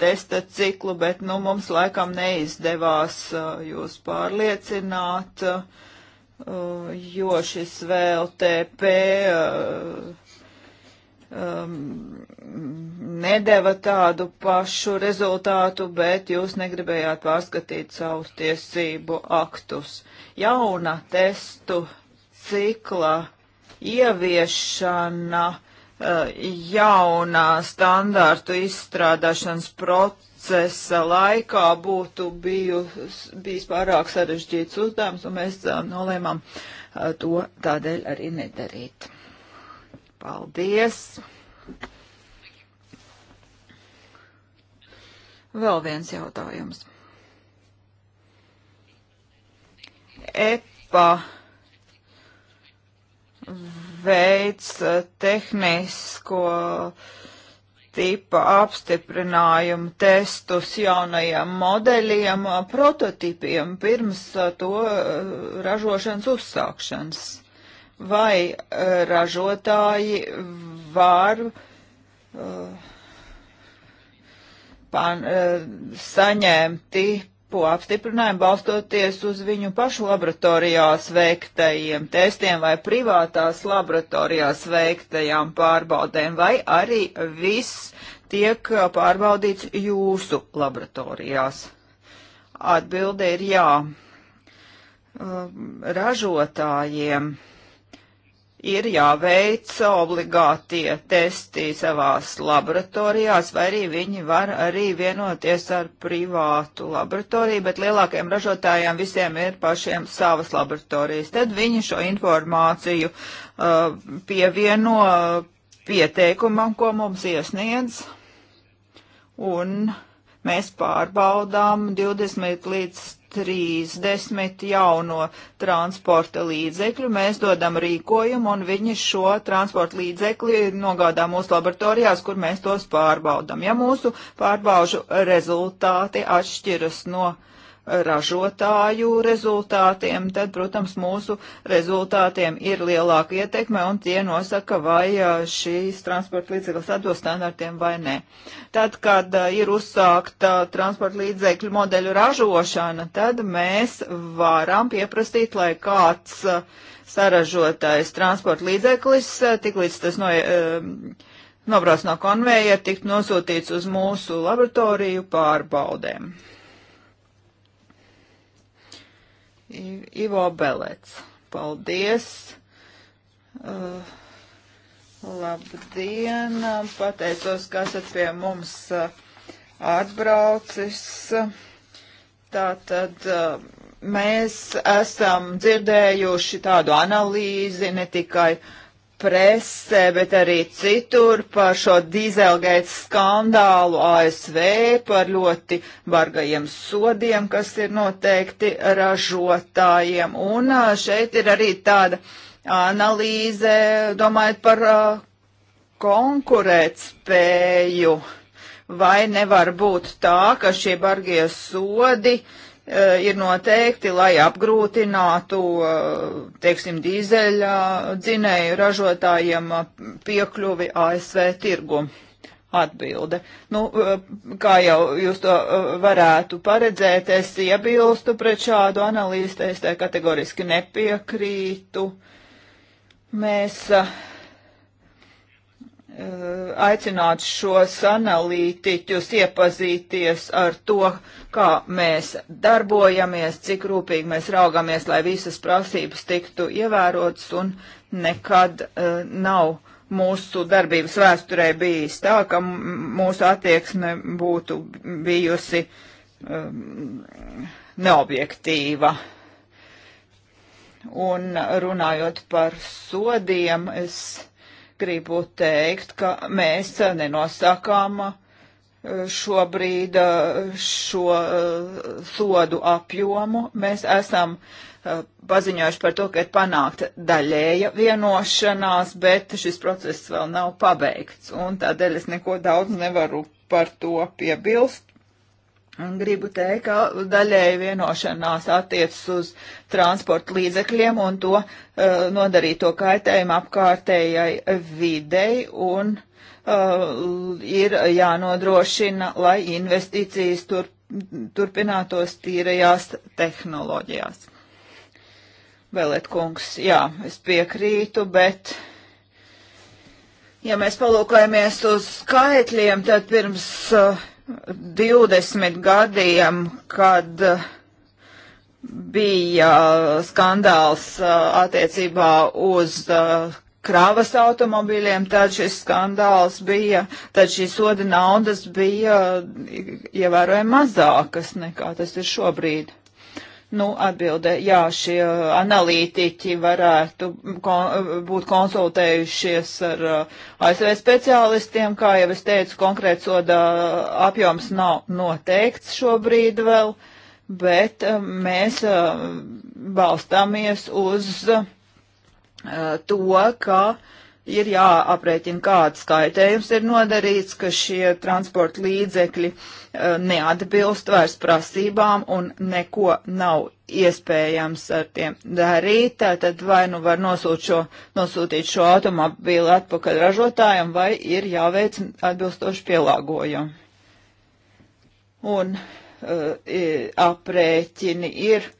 testa ciklu, bet nu, mums laikam neizdevās uh, jūs pārliecināt, uh, jo šis VLTP uh, um, nedeva tādu pašu rezultātu, bet jūs negribējāt pārskatīt savus tiesību aktus. Jauna testu cikla ieviešana, uh, jaunā standārtu izstrādāšanas procesa laikā būtu bijus, bijis pārāk sarežģīts uzdevums, un mēs uh, nolēmām uh, to tādēļ arī nedarīt. Paldies! Vēl viens jautājums. EPA veids tehnisko tipa apstiprinājumu testus jaunajiem modeļiem, prototipiem pirms to ražošanas uzsākšanas vai eh, ražotāji var eh, pan, eh, saņemti po apstiprinājumu balstoties uz viņu pašu laboratorijās veiktajiem testiem vai privātās laboratorijās veiktajām pārbaudēm, vai arī viss tiek pārbaudīts jūsu laboratorijās. Atbilde ir jā. Ražotājiem ir jāveic obligātie testi savās laboratorijās, vai arī viņi var arī vienoties ar privātu laboratoriju, bet lielākajiem ražotājiem visiem ir pašiem savas laboratorijas. Tad viņi šo informāciju uh, pievieno pieteikumam, ko mums iesniedz, un mēs pārbaudām 20 līdz 30 jauno transporta līdzekļu. Mēs dodam rīkojumu un viņi šo transporta līdzekli nogādā mūsu laboratorijās, kur mēs tos pārbaudam. Ja mūsu pārbaužu rezultāti atšķiras no uh, ražotāju rezultātiem, tad, protams, mūsu rezultātiem ir lielāka ietekme un tie nosaka, vai šīs transporta līdzekļas atbilst standartiem vai nē. Tad, kad ir uzsākta transporta līdzekļu modeļu ražošana, tad mēs varam pieprasīt, lai kāds saražotais transporta līdzeklis, tik līdz tas no. Uh, nobrauc no konveija, tikt nosūtīts uz mūsu laboratoriju pārbaudēm. Ivo Belets. Paldies! Uh, labdien! Pateicos, ka esat pie mums uh, atbraucis. Tātad uh, mēs esam dzirdējuši tādu analīzi ne tikai uh, presē, bet arī citur par šo dīzelgaita skandālu ASV, par ļoti bargajiem sodiem, kas ir noteikti ražotājiem. Un šeit ir arī tāda analīze, domājot par konkurētspēju. Vai nevar būt tā, ka šie bargie sodi uh, Eh, ir noteikti, lai apgrūtinātu, eh, teiksim, dīzeļa dzinēju ražotājiem eh, piekļuvi ASV tirgu. Atbilde. Nu, kā jau jūs to varētu paredzēt, es iebilstu pret šādu analīzi, es tai kategoriski nepiekrītu. Mēs aicinātu šos analītiķus iepazīties ar to, uh, kā mēs darbojamies, cik rūpīgi mēs raugamies, lai visas prasības tiktu ievērotas un nekad uh, nav mūsu darbības vēsturē bijis tā, ka mūsu attieksme būtu bijusi um, neobjektīva. Un runājot par sodiem, es gribu teikt, ka mēs nenosakām uh, šobrīd eh, šo eh, sodu apjomu. Mēs esam eh, paziņojuši par to, ka ir panākta daļēja vienošanās, bet šis process vēl nav pabeigts, un tādēļ es neko daudz nevaru par to piebilst. Un gribu teikt, ka daļēji vienošanās attiecas uz transporta līdzekļiem un to uh, nodarīto kaitējumu apkārtējai videi un uh, Uh, ir jānodrošina, lai investīcijas tur, turpinātos tīrajās tehnoloģijās. Vēlēt kungs, jā, es piekrītu, bet, ja mēs palūkojamies uz skaitļiem, tad pirms uh, 20 gadiem, kad uh, bija uh, skandāls uh, attiecībā uz uh, kravas automobīļiem, tad šis skandāls bija, tad šī soda naudas bija ievērojami mazākas nekā tas ir šobrīd. Nu, atbildē, jā, šie analītiķi varētu kon būt konsultējušies ar uh, ASV speciālistiem, kā jau es teicu, konkrēts soda apjoms nav noteikts šobrīd vēl, bet uh, mēs uh, balstāmies uz uh, to, ka ir jāaprēķina, kāds skaitējums ir nodarīts, ka šie transporta līdzekļi neatbilst vairs prasībām un neko nav iespējams ar tiem darīt. Tad vai nu var nosūt šo, nosūtīt šo automobīlu atpakaļ ražotājiem, vai ir jāveic atbilstoši pielāgojumi. Un uh, aprēķini ir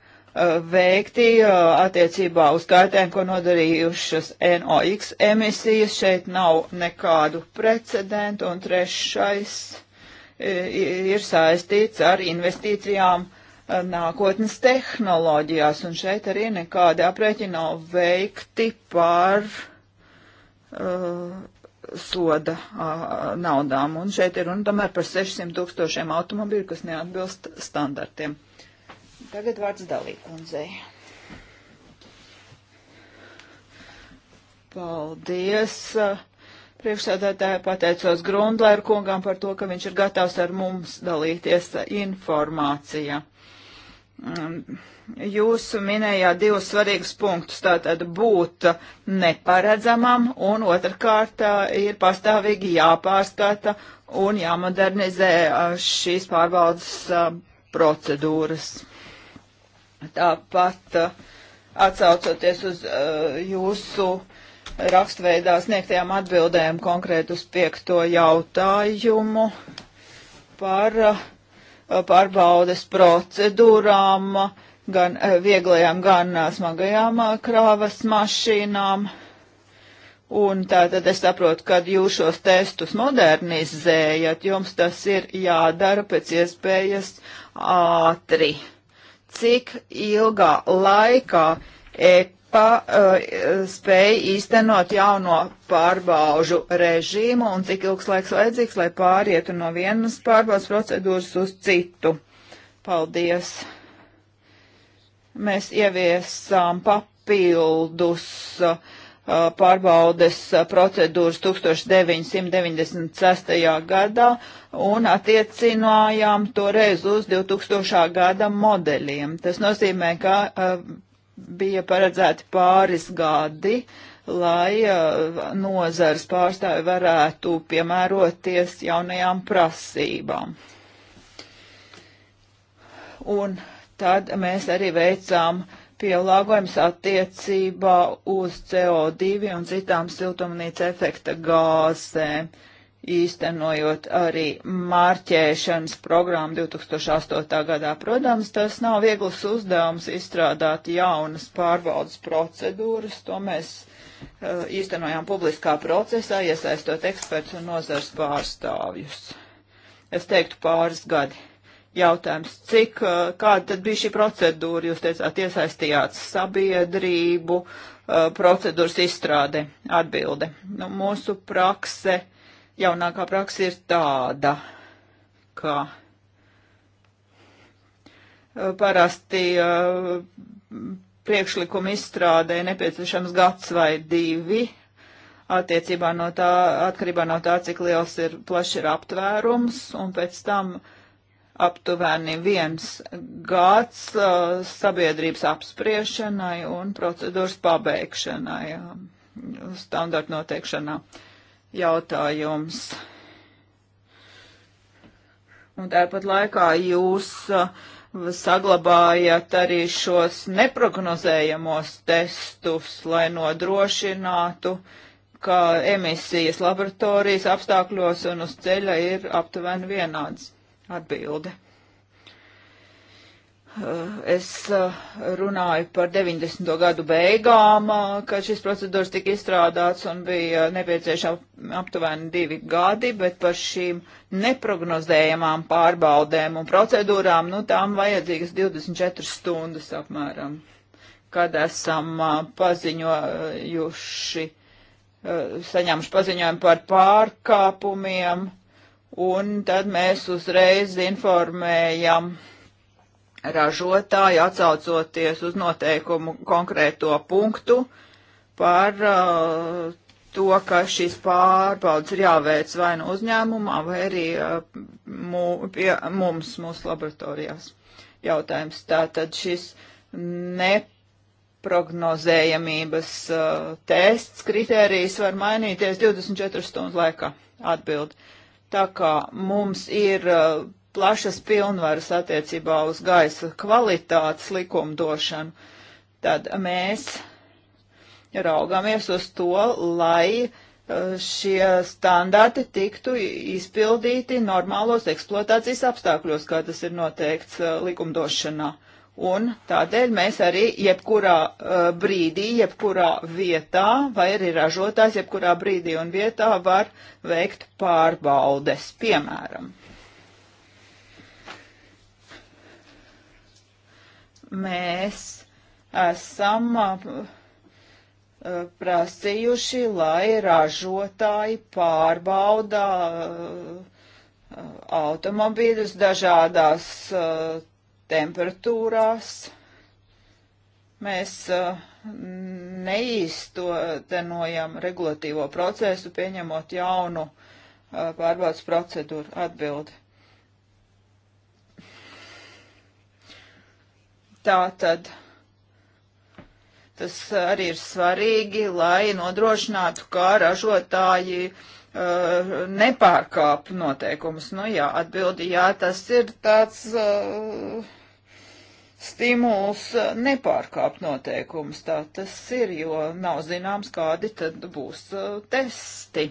veikti uh, attiecībā uz kaitēm, ko nodarījušas NOx emisijas. Šeit nav nekādu precedentu, un trešais uh, ir saistīts ar investīcijām uh, nākotnes tehnoloģijās, un šeit arī nekādi aprēķini nav veikti par uh, soda uh, naudām. Un šeit ir runa tomēr par 600 tūkstošiem automobīļu, kas neatbilst standartiem. Tagad vārds dalīkundzei. Paldies! Uh, Priekšsēdētāja pateicos Grundlēru kungam par to, ka viņš ir gatavs ar mums dalīties uh, informācija. Mm, jūs minējāt divus svarīgus punktus, tātad būt neparedzamam un otrkārt uh, ir pastāvīgi jāpārskata un jāmodernizē šīs pārbaudas procedūras. Tāpat uh, atsaucoties uz uh, jūsu rakstveidā sniegtajām atbildēm konkrēt uz piekto jautājumu par uh, pārbaudes procedūrām, gan vieglajām, gan smagajām krāvas mašīnām. Un tātad es saprotu, kad jūs šos testus modernizējat, jums tas ir jādara pēc iespējas ātri. Uh, cik ilgā laikā EPA uh, spēja īstenot jauno pārbaužu režīmu un cik ilgs laiks vajadzīgs, lai pārietu no vienas pārbaudas procedūras uz citu. Paldies! Mēs ieviesām papildus uh, pārbaudes procedūras 1996. gadā un attiecinājām toreiz uz 2000. gada modeļiem. Tas nozīmē, ka bija paredzēti pāris gadi, lai nozars pārstāvi varētu piemēroties jaunajām prasībām. Un tad mēs arī veicām uh, pielāgojums attiecībā uz CO2 un citām siltumnīca efekta gāzēm, īstenojot arī mārķēšanas programmu 2008. gadā. Protams, tas nav viegls uzdevums izstrādāt jaunas pārvaldes procedūras, to mēs uh, īstenojām publiskā procesā, iesaistot eksperts un nozars pārstāvjus. Es teiktu pāris gadi jautājums. Cik, uh, kāda tad bija šī procedūra? Jūs teicāt, iesaistījāt sabiedrību, uh, procedūras izstrāde, atbilde. Nu, mūsu prakse, jaunākā prakse ir tāda, ka uh, parasti priekšlikuma izstrādē nepieciešams gads vai divi, attiecībā no tā, atkarībā no tā, cik liels ir plaši ir aptvērums, un pēc tam uh, aptuveni viens gads uh, sabiedrības apspriešanai un procedūras pabeigšanai, um, standarta noteikšanā jautājums. Un tāpat laikā jūs uh, saglabājat arī šos neprognozējamos testus, lai nodrošinātu, ka emisijas laboratorijas apstākļos un uz ceļa ir aptuveni vienāds. Atbilde. Es eh, runāju par 90. gadu beigām, eh, kad šis procedūras tika izstrādāts un bija nepieciešama aptuveni divi gadi, bet par šīm neprognozējamām pārbaudēm un procedūrām, nu tām vajadzīgas 24 stundas apmēram, kad esam eh, paziņojuši, saņēmuši paziņojumu par pārkāpumiem un tad mēs uzreiz informējam ražotāju atsaucoties uz noteikumu konkrēto punktu par uh, to, ka šīs pārbaudas ir jāveic vai nu no uzņēmumā, vai arī uh, mū, pie mums, mūsu laboratorijās. Jautājums tātad šis neprognozējamības uh, tests, kritērijs var mainīties 24 stundu laikā. Atbildi. Uh, Tā kā mums ir uh, plašas pilnvaras attiecībā uz gaisa kvalitātes likumdošanu, tad mēs raugāmies uz to, lai uh, šie standarti tiktu izpildīti normālos eksploatācijas apstākļos, kā tas ir noteikts uh, likumdošanā. Un tādēļ mēs arī jebkurā uh, brīdī, jebkurā vietā, vai arī ražotājs jebkurā brīdī un vietā var veikt pārbaudes, piemēram. Mēs esam uh, prasījuši, lai ražotāji pārbauda uh, uh, automobīļus dažādās uh, temperatūrās. Mēs uh, neīstenojam regulatīvo procesu, pieņemot jaunu uh, pārbaudas procedūru atbildi. Tā tad tas arī ir svarīgi, lai nodrošinātu, kā ražotāji uh, nepārkāp noteikumus. Nu jā, atbildi, jā, tas ir tāds uh, stimuls eh, nepārkāpt noteikumus. Tā tas ir, jo nav zināms, kādi tad būs eh, testi.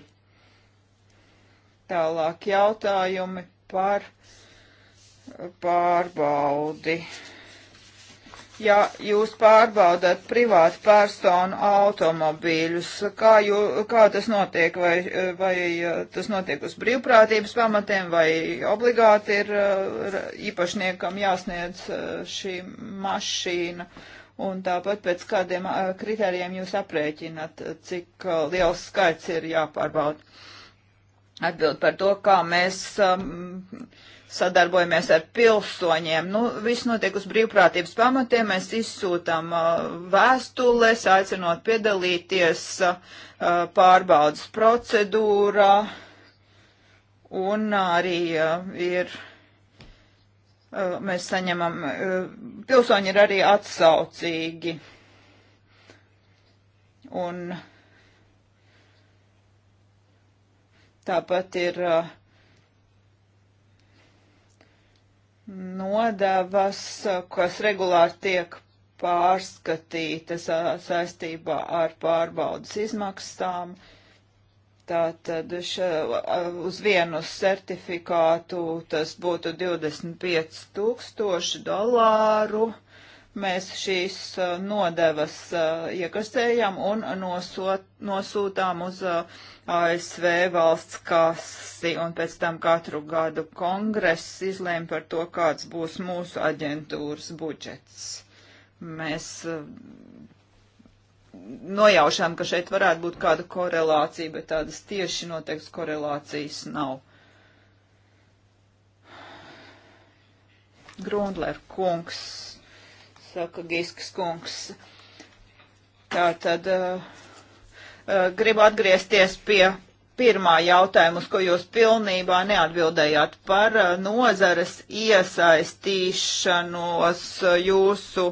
Tālāk jautājumi par eh, pārbaudi. Uh, ja jūs pārbaudat privātu personu automobīļus, kā, jū, kā tas notiek, vai, vai tas notiek uz brīvprātības pamatiem, vai obligāti ir uh, īpašniekam jāsniedz uh, šī mašīna, un tāpat pēc kādiem uh, kritērijiem jūs aprēķinat, cik liels skaits ir jāpārbauda. Atbild par to, kā mēs. Um, sadarbojamies ar pilsoņiem. Nu, viss notiek uz brīvprātības pamatiem, mēs izsūtām uh, vēstules, aicinot piedalīties uh, pārbaudas procedūrā, un uh, arī uh, ir, uh, mēs saņemam, uh, pilsoņi ir arī atsaucīgi. Un tāpat ir uh, nodevas, kas regulāri tiek pārskatītas saistībā ar pārbaudas izmaksām. Tātad še, uz vienu certifikātu tas būtu 25 tūkstoši dolāru. Uh, mēs šīs uh, nodevas uh, iekasējam un nosot, nosūtām uz uh, ASV valsts kasi, un pēc tam katru gadu kongress izlēma par to, kāds būs mūsu aģentūras budžets. Mēs nojaušām, ka šeit varētu būt kāda korelācija, bet tādas tieši noteikts korelācijas nav. Grundler kungs saka Gisks kungs. Tā tad uh, eh, uh, eh, gribu atgriezties pie pirmā jautājuma, uz ko jūs pilnībā neatbildējāt par uh, nozares iesaistīšanos jūsu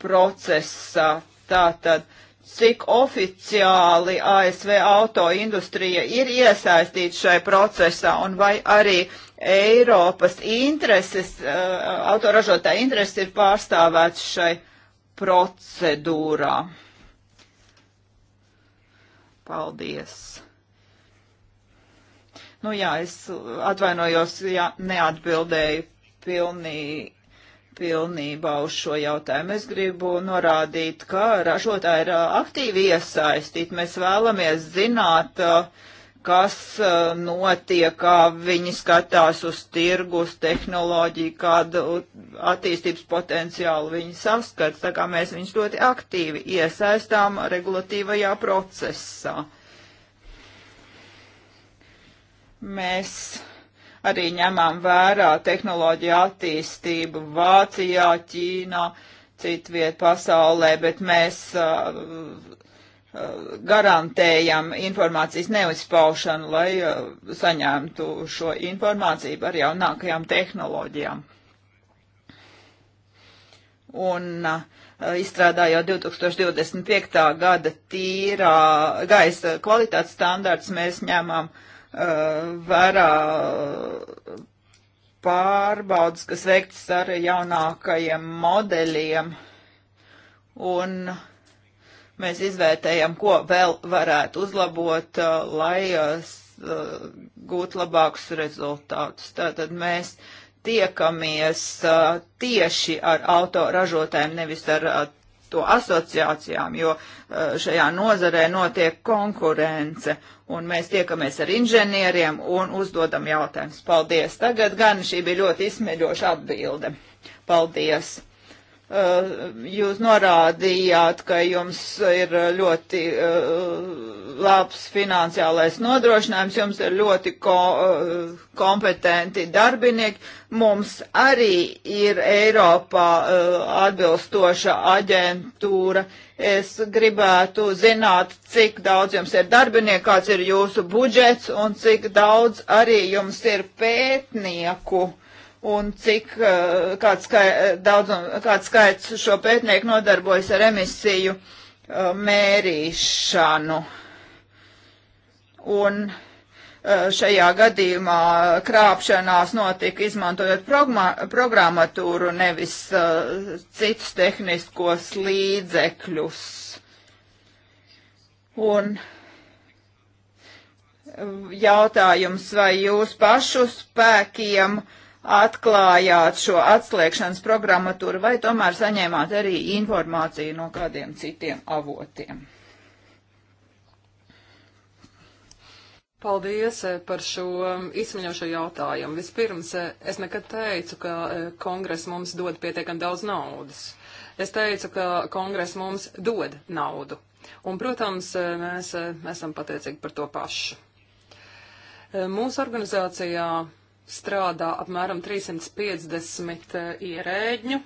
procesā. Tātad, cik oficiāli ASV autoindustrija ir iesaistīta šai procesā un vai arī uh, Eiropas intereses, eh, autoražotāja intereses ir pārstāvēts šai procedūrā. Paldies! Nu jā, es atvainojos, ja neatbildēju pilnī, pilnībā uz šo jautājumu. Es gribu norādīt, ka ražotāji ir eh, aktīvi iesaistīti. Mēs vēlamies zināt, uh, kas uh, notiek, kā viņi skatās uz tirgus, tehnoloģiju, kādu attīstības potenciālu viņi saskata. Tā kā mēs viņus ļoti aktīvi iesaistām regulatīvajā procesā. Mēs arī ņemām vērā tehnoloģiju attīstību Vācijā, Ķīnā, citviet pasaulē, bet mēs uh, garantējam informācijas neuzpaušanu, lai uh, saņemtu šo informāciju par jaunākajām tehnoloģijām. Un uh, izstrādājot 2025. gada tīrā gaisa kvalitātes standārts, mēs ņemam uh, vērā pārbaudas, kas veikts ar jaunākajiem modeļiem. Un uh, Mēs izvērtējam, ko vēl varētu uzlabot, uh, lai uh, uh, gūt labākus rezultātus. Tātad mēs tiekamies tieši ar autoražotājiem, nevis ar to asociācijām, jo šajā nozarē notiek konkurence, un mēs tiekamies ar inženieriem un uzdodam jautājumus. Paldies! Tagad gan šī bija ļoti izsmeļoša atbilde. Paldies! Eh, jūs norādījāt, ka jums ir ļoti eh, labs finansiālais nodrošinājums, jums ir ļoti ko, eh, kompetenti darbinieki. Mums arī ir Eiropā atbilstoša aģentūra. Es gribētu zināt, cik daudz jums ir darbinieku, kāds ir jūsu budžets un cik daudz arī jums ir pētnieku. Uh, un cik eh, kāds, skai, daudz, kāds skaits šo pētnieku nodarbojas ar emisiju eh, mērīšanu. Un eh, šajā gadījumā krāpšanās notika izmantojot programmatūru, nevis uh, citus tehniskos līdzekļus. Un jautājums, vai jūs pašu spēkiem uh, atklājāt šo atslēgšanas programmatūru, vai tomēr saņēmāt arī informāciju no kādiem citiem avotiem? Paldies eh, par šo mm, izsmeļošo jautājumu. Vispirms, eh, es nekad teicu, ka eh, kongress mums dod pietiekami daudz naudas. Es teicu, ka kongress mums dod naudu. Un, protams, mēs esam pateicīgi par to pašu. Mūsu organizācijā strādā apmēram 350 eh, ierēģņu,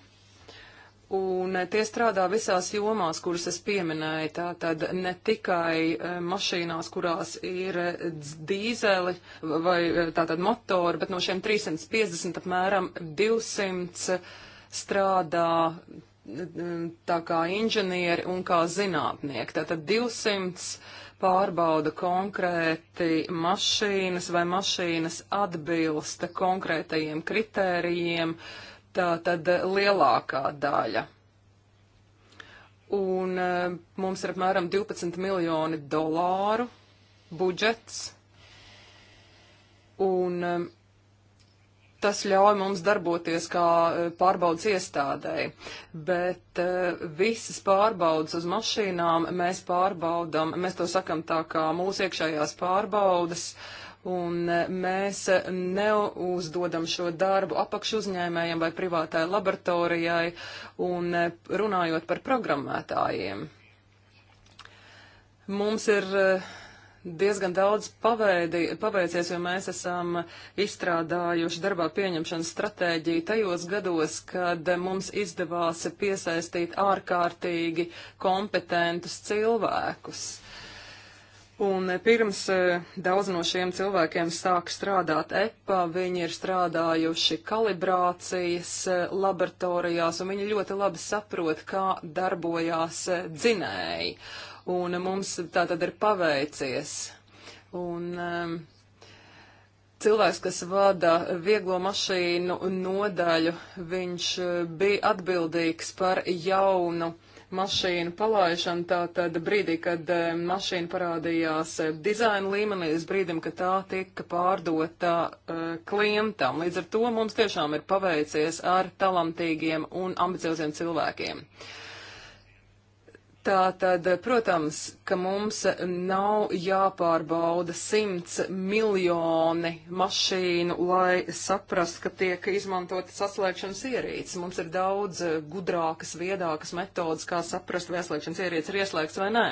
un eh, tie strādā visās jomās, kuras es pieminēju, tātad ne tikai eh, mašīnās, kurās ir dīzeli vai tātad motori, bet no šiem 350 apmēram 200 strādā tā kā inženieri un kā zinātnieki. Tātad 200 pārbauda konkrēti mašīnas vai mašīnas atbilsta konkrētajiem kritērijiem, tā tad lielākā daļa. Un e, mums ir apmēram 12 miljoni dolāru budžets. Un e, tas ļauj mums darboties kā e, pārbaudas iestādēji, bet e, visas pārbaudas uz mašīnām mēs pārbaudam, mēs to sakam tā kā mūsu iekšējās pārbaudas. Un e, mēs neuzdodam šo darbu apakšu uzņēmējiem vai privātai laboratorijai un runājot par programmētājiem. Mums ir uh, diezgan daudz paveidi, paveicies, jo mēs esam izstrādājuši darbā pieņemšanas stratēģiju tajos gados, kad mums izdevās piesaistīt ārkārtīgi kompetentus cilvēkus. Un pirms e, daudz no šiem cilvēkiem sāk strādāt EPA, viņi ir strādājuši kalibrācijas e, laboratorijās, un viņi ļoti labi saprot, kā darbojās e, dzinēji un mums tā tad ir paveicies. Un, um, Cilvēks, kas vada vieglo mašīnu nodaļu, viņš uh, bija atbildīgs par jaunu mašīnu palaišanu, tātad brīdī, kad uh, mašīna parādījās uh, dizaina līmenī, līdz brīdim, kad tā tika pārdota uh, klientam. Līdz ar to mums tiešām ir paveicies ar talantīgiem un ambicioziem cilvēkiem. Uh, Tā tad, protams, ka mums nav jāpārbauda simts miljoni mašīnu, lai saprastu, ka tiek izmantota saslēgšanas ierīces. Mums ir daudz gudrākas, viedākas metodas, kā saprast, vai saslēgšanas ierīce ir ieslēgts vai nē.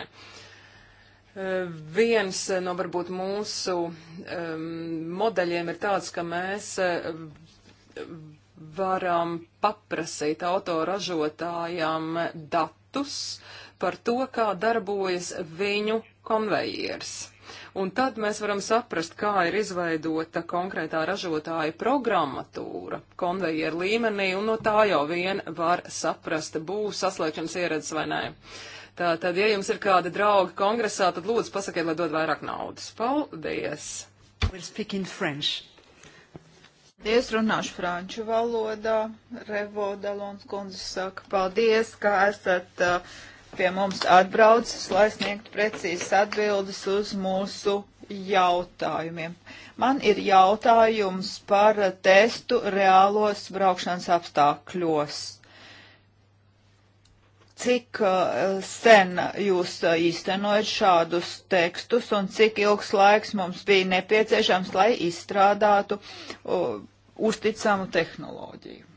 Viens no varbūt mūsu um, modeļiem ir tāds, ka mēs um, varam paprasīt autoražotājam datus, uh, par to, kā darbojas viņu konvejieris. Un tad mēs varam saprast, kā ir izveidota konkrētā ražotāja programmatūra konvejeru līmenī, un no tā jau vien var saprast, būs saslēgšanas ieredzes vai nē. Tā tad, ja jums ir kādi draugi kongresā, tad lūdzu pasakiet, lai dod vairāk naudas. Paldies! Paldies, runāšu franču valodā. Revo Dalons kundze saka, paldies, ka esat uh, pie mums atbraucis, lai sniegtu precīzes atbildes uz mūsu jautājumiem. Man ir jautājums par testu reālos braukšanas apstākļos. Cik uh, sen jūs uh, īstenojat šādus tekstus un cik ilgs laiks mums bija nepieciešams, lai izstrādātu uh, uzticamu tehnoloģiju?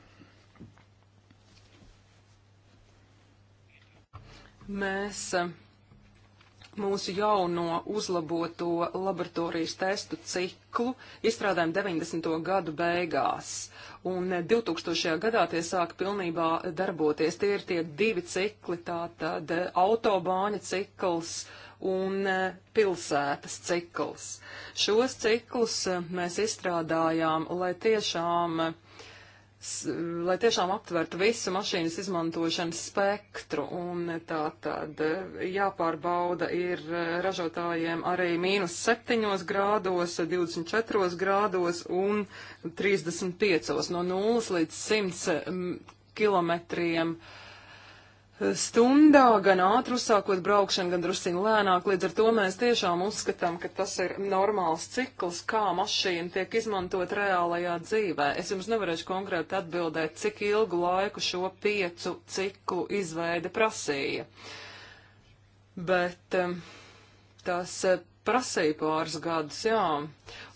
mēs eh, mūsu jauno uzlaboto laboratorijas testu ciklu izstrādājam 90. gadu beigās. Un 2000. Eh, gadā tie sāka pilnībā darboties. Tie ir tie divi cikli, tātad eh, autobāņa cikls un pilsētas cikls. Šos ciklus mēs izstrādājām, lai tiešām uh, lai tiešām aptvertu visu mašīnas izmantošanas spektru, un tā tad jāpārbauda ir ražotājiem arī mīnus 7 grādos, 24 grādos un 35 no 0 līdz 100 kilometriem. Uh, stundā, gan ātri uzsākot braukšanu, gan drusciņ lēnāk. Līdz ar to mēs tiešām uzskatām, ka tas ir normāls cikls, kā mašīna tiek izmantot reālajā dzīvē. Es jums nevarēšu konkrēti atbildēt, cik ilgu laiku šo piecu ciklu izveide prasīja. Bet um, tas prasīja pāris gadus, jā.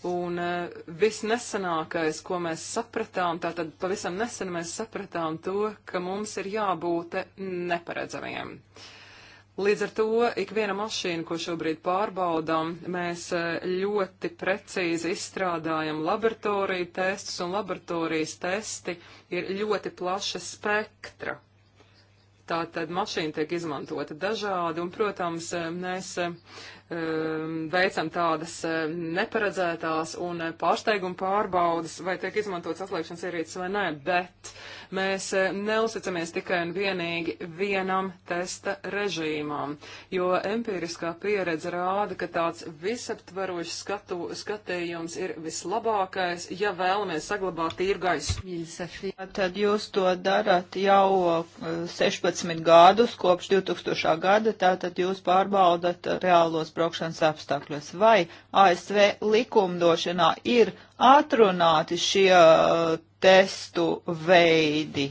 Un eh, visnesenākais, ko mēs sapratām, tātad pavisam nesen mēs sapratām to, ka mums ir jābūt neparedzamiem. Līdz ar to ikviena mašīna, ko šobrīd pārbaudām, mēs eh, ļoti precīzi izstrādājam laboratoriju testus, un laboratorijas testi ir ļoti plaša spektra. Tātad mašīna tiek izmantota dažādi, un, protams, eh, mēs Ehm, veicam tādas eh, neparedzētās un eh, pārsteiguma pārbaudas, vai tiek izmantots atliekšanas ierīces vai nē, bet Mēs eh, neusticamies tikai un vienīgi vienam testa režīmam, jo empiriskā pieredze rāda, ka tāds visaptvarošs skatu, skatījums ir vislabākais, ja vēlamies saglabāt tīru gaisu. Tad jūs to darat jau 16 eh, gadus kopš 2000. gada, tātad jūs pārbaudat reālos braukšanas apstākļus. Vai ASV likumdošanā ir atrunāti šie eh, testu veidi.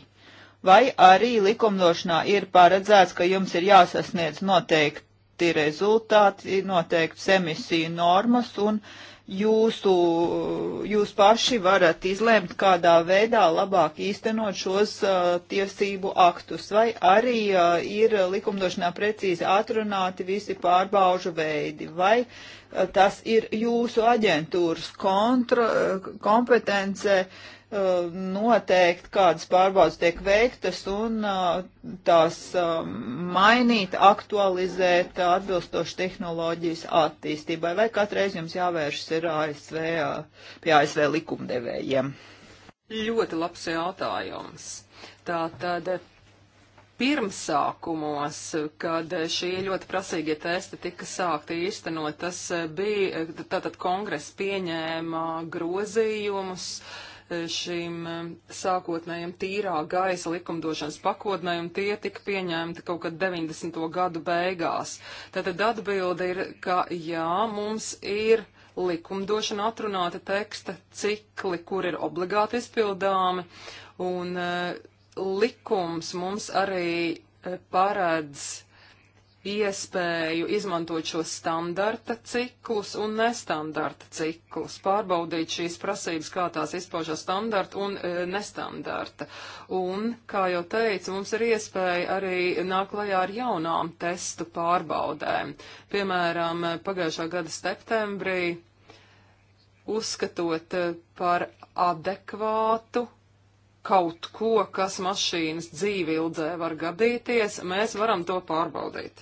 Vai arī likumdošanā ir paredzēts, ka jums ir jāsasniedz noteikti rezultāti, noteikts emisiju normas un jūsu, jūs paši varat izlēmt, kādā veidā labāk īstenot šos uh, tiesību aktus, vai arī uh, ir likumdošanā precīzi atrunāti visi pārbaužu veidi, vai uh, tas ir jūsu aģentūras kontra, uh, kompetence uh, Uh, noteikt, kādas pārbaudas tiek veiktas un uh, tās uh, mainīt, aktualizēt atbilstoši tehnoloģijas attīstībai, vai katreiz jums jāvēršas ir ASV, pie ASV likumdevējiem? Ļoti labs jautājums. Tātad pirmsākumos, kad šie ļoti prasīgie testi tika sākti īstenot, tas bija, tātad kongress pieņēma grozījumus, uh, šīm sākotnējiem tīrā gaisa likumdošanas pakotnēm, un tie tika pieņemti kaut kad 90. gadu beigās. Tātad atbilde ir, ka jā, mums ir likumdošana atrunāta teksta cikli, kur ir obligāti izpildāmi, un eh, likums mums arī eh, paredz iespēju izmantot šo standarta ciklus un nestandarta ciklus, pārbaudīt šīs prasības, kā tās izpaužas standarta un e, nestandarta. Un, kā jau teicu, mums ir iespēja arī nāk klajā ar jaunām testu pārbaudēm. Piemēram, pagājušā gada septembrī uzskatot e, par adekvātu kaut ko, kas mašīnas dzīvi ildzē var gadīties, mēs varam to pārbaudīt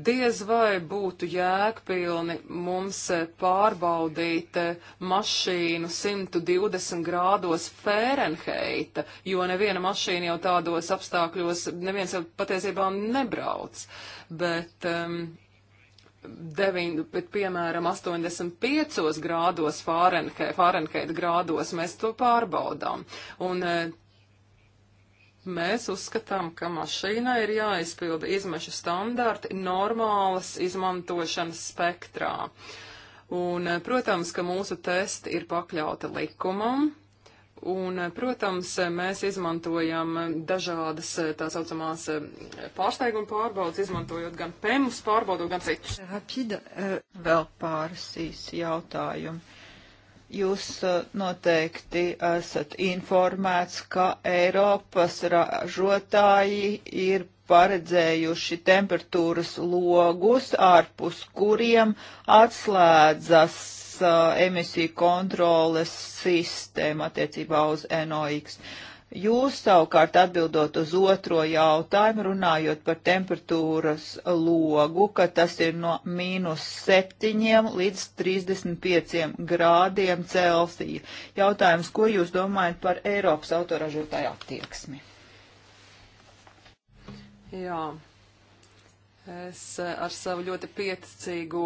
diez vai būtu jēgpilni mums eh, pārbaudīt eh, mašīnu 120 grādos Fērenheita, jo neviena mašīna jau tādos apstākļos, neviens jau patiesībā nebrauc. Bet, um, ehm, 9, bet, piemēram, 85 grādos Fārenheita grādos mēs to pārbaudām. Un eh, Mēs uzskatām, ka mašīnai ir jāizpilda izmešu standarti normālas izmantošanas spektrā. Un, protams, ka mūsu testi ir pakļauti likumam, Un, protams, mēs izmantojam dažādas tā saucamās pārsteiguma pārbaudas, izmantojot gan PEMUS pārbaudot, gan citus. Rapida eh, vēl pāris īsi jautājumi. Jūs uh, noteikti esat informēts, ka Eiropas ražotāji ir paredzējuši temperatūras logus, ārpus kuriem atslēdzas uh, emisiju kontroles sistēma attiecībā uz NOx. Uh, Jūs savukārt atbildot uz otro jautājumu, runājot par temperatūras logu, ka tas ir no mīnus 7 līdz 35 grādiem Celsija. Jautājums, ko jūs domājat par Eiropas autoražotāju attieksmi? Jā, Es ar savu ļoti pieticīgo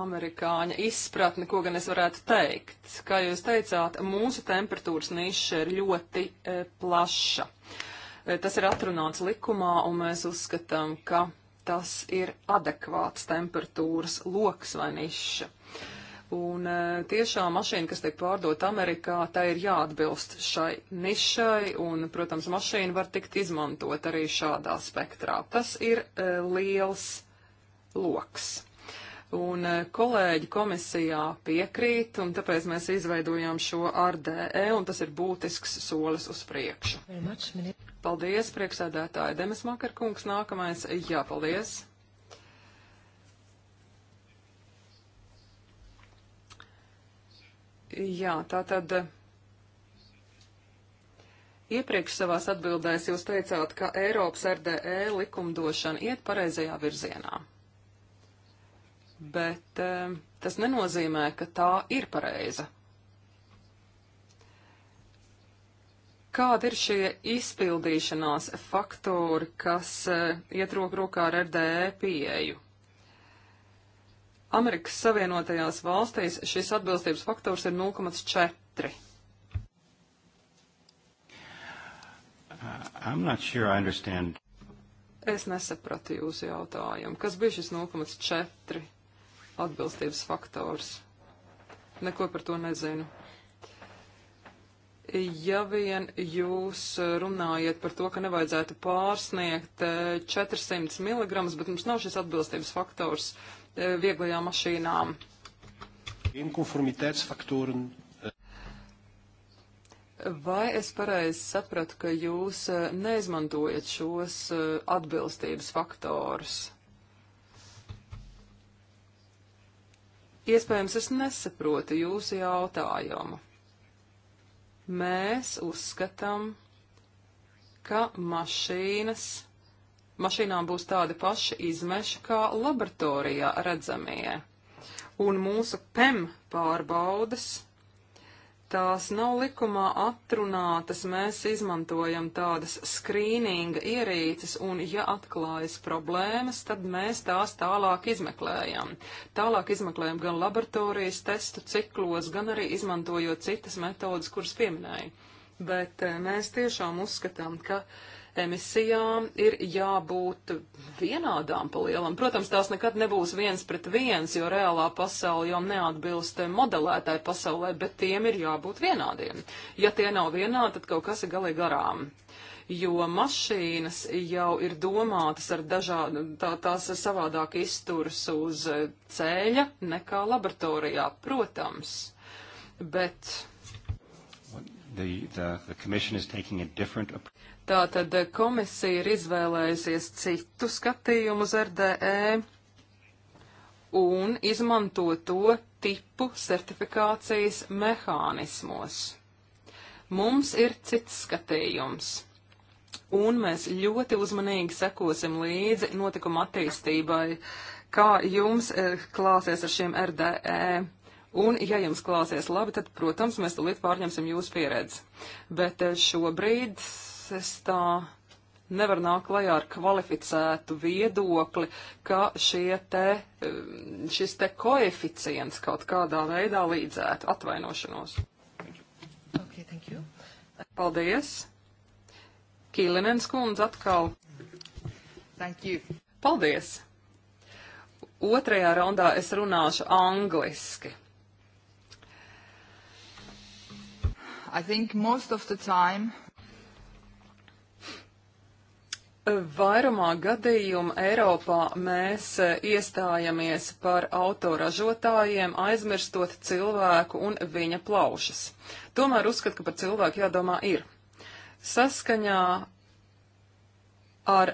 amerikāņa izpratni, ko gan es varētu teikt. Kā jūs teicāt, mūsu temperatūras niša ir ļoti e, plaša. E, tas ir atrunāts likumā, un mēs uzskatām, ka tas ir adekvāts temperatūras loks vai niša. E, Un e, tiešām mašīna, kas tiek pārdota Amerikā, tā ir jāatbilst šai nišai, un, protams, mašīna var tikt izmantot arī šādā spektrā. Tas ir e, liels loks. Un e, kolēģi komisijā piekrīt, un tāpēc mēs izveidojām šo RDE, un tas ir būtisks solis uz priekšu. Paldies, prieksēdētāji Demis Makarkungs, nākamais. Jā, paldies. Jā, tā tad. Eh, iepriekš savās atbildēs jūs teicāt, ka Eiropas RDE likumdošana iet pareizajā virzienā. Bet eh, tas nenozīmē, ka tā ir pareiza. Kādi ir šie izpildīšanās faktori, kas eh, iet roku rokā ar RDE pieeju? Amerikas Savienotajās valstīs šis atbilstības faktors ir 0,4. Uh, sure es nesapratu jūsu jautājumu. Kas bija šis 0,4 atbilstības faktors? Neko par to nezinu. Ja vien jūs runājat par to, ka nevajadzētu pārsniegt 400 eh, mg, bet mums nav šis atbilstības faktors, E, vieglajām mašīnām. E, Vai es pareizi sapratu, ka jūs e, neizmantojat šos atbilstības faktorus? Iespējams, es nesaprotu jūsu jautājumu. Mēs uzskatām, ka mašīnas mašīnām būs tādi paši izmeši kā laboratorijā redzamie. Un mūsu PEM pārbaudas, tās nav likumā atrunātas, mēs izmantojam tādas skrīninga ierīces, un ja atklājas problēmas, tad mēs tās tālāk izmeklējam. Tālāk izmeklējam gan laboratorijas testu ciklos, gan arī izmantojot citas metodas, kuras pieminēju bet eh, mēs tiešām uzskatām, ka emisijām ir jābūt vienādām pa lielam. Protams, tās nekad nebūs viens pret viens, jo reālā pasaule jau neatbilst modelētāji pasaulē, bet tiem ir jābūt vienādiem. Ja tie nav vienādi, tad kaut kas ir galīgi garām. Jo mašīnas jau ir domātas ar dažādu, tā, tās savādāk izturs uz ceļa nekā laboratorijā, protams. Bet. The, the, the commission is taking a different approach. Tātad eh, komisija ir izvēlējusies citu skatījumu uz RDE un izmanto to tipu certifikācijas mehānismos. Mums ir cits skatījums un mēs ļoti uzmanīgi sekosim līdzi notikuma attīstībai, kā jums e, klāsies ar šiem RDE. Un, ja jums klāsies labi, tad, protams, mēs tulīt pārņemsim jūsu pieredzi. Bet e, šobrīd tā nevar nākt klajā ar kvalificētu viedokli, ka šie te, eh, šis te koeficients kaut kādā veidā līdzētu atvainošanos. Okay, thank you. Paldies. Kīlinens kundze atkal. Thank you. Paldies. Otrajā raundā es runāšu angliski. I think most of the time Vairumā gadījumu Eiropā mēs e, iestājamies par autoražotājiem, aizmirstot cilvēku un viņa plaušas. Tomēr uzskat, ka par cilvēku jādomā ir. Saskaņā ar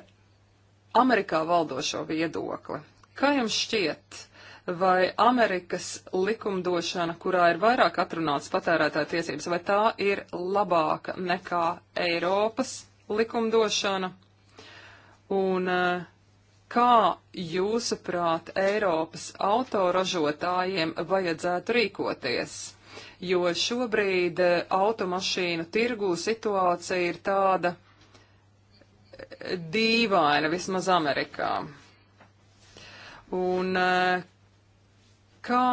Amerikā valdošo viedokli. Kā jums šķiet, vai Amerikas likumdošana, kurā ir vairāk atrunāts patērētāja tiesības, vai tā ir labāka nekā Eiropas likumdošana? Un eh, kā jūsuprāt Eiropas autoražotājiem vajadzētu rīkoties? Jo šobrīd eh, automašīnu tirgū situācija ir tāda eh, dīvaina, vismaz Amerikā. Un kā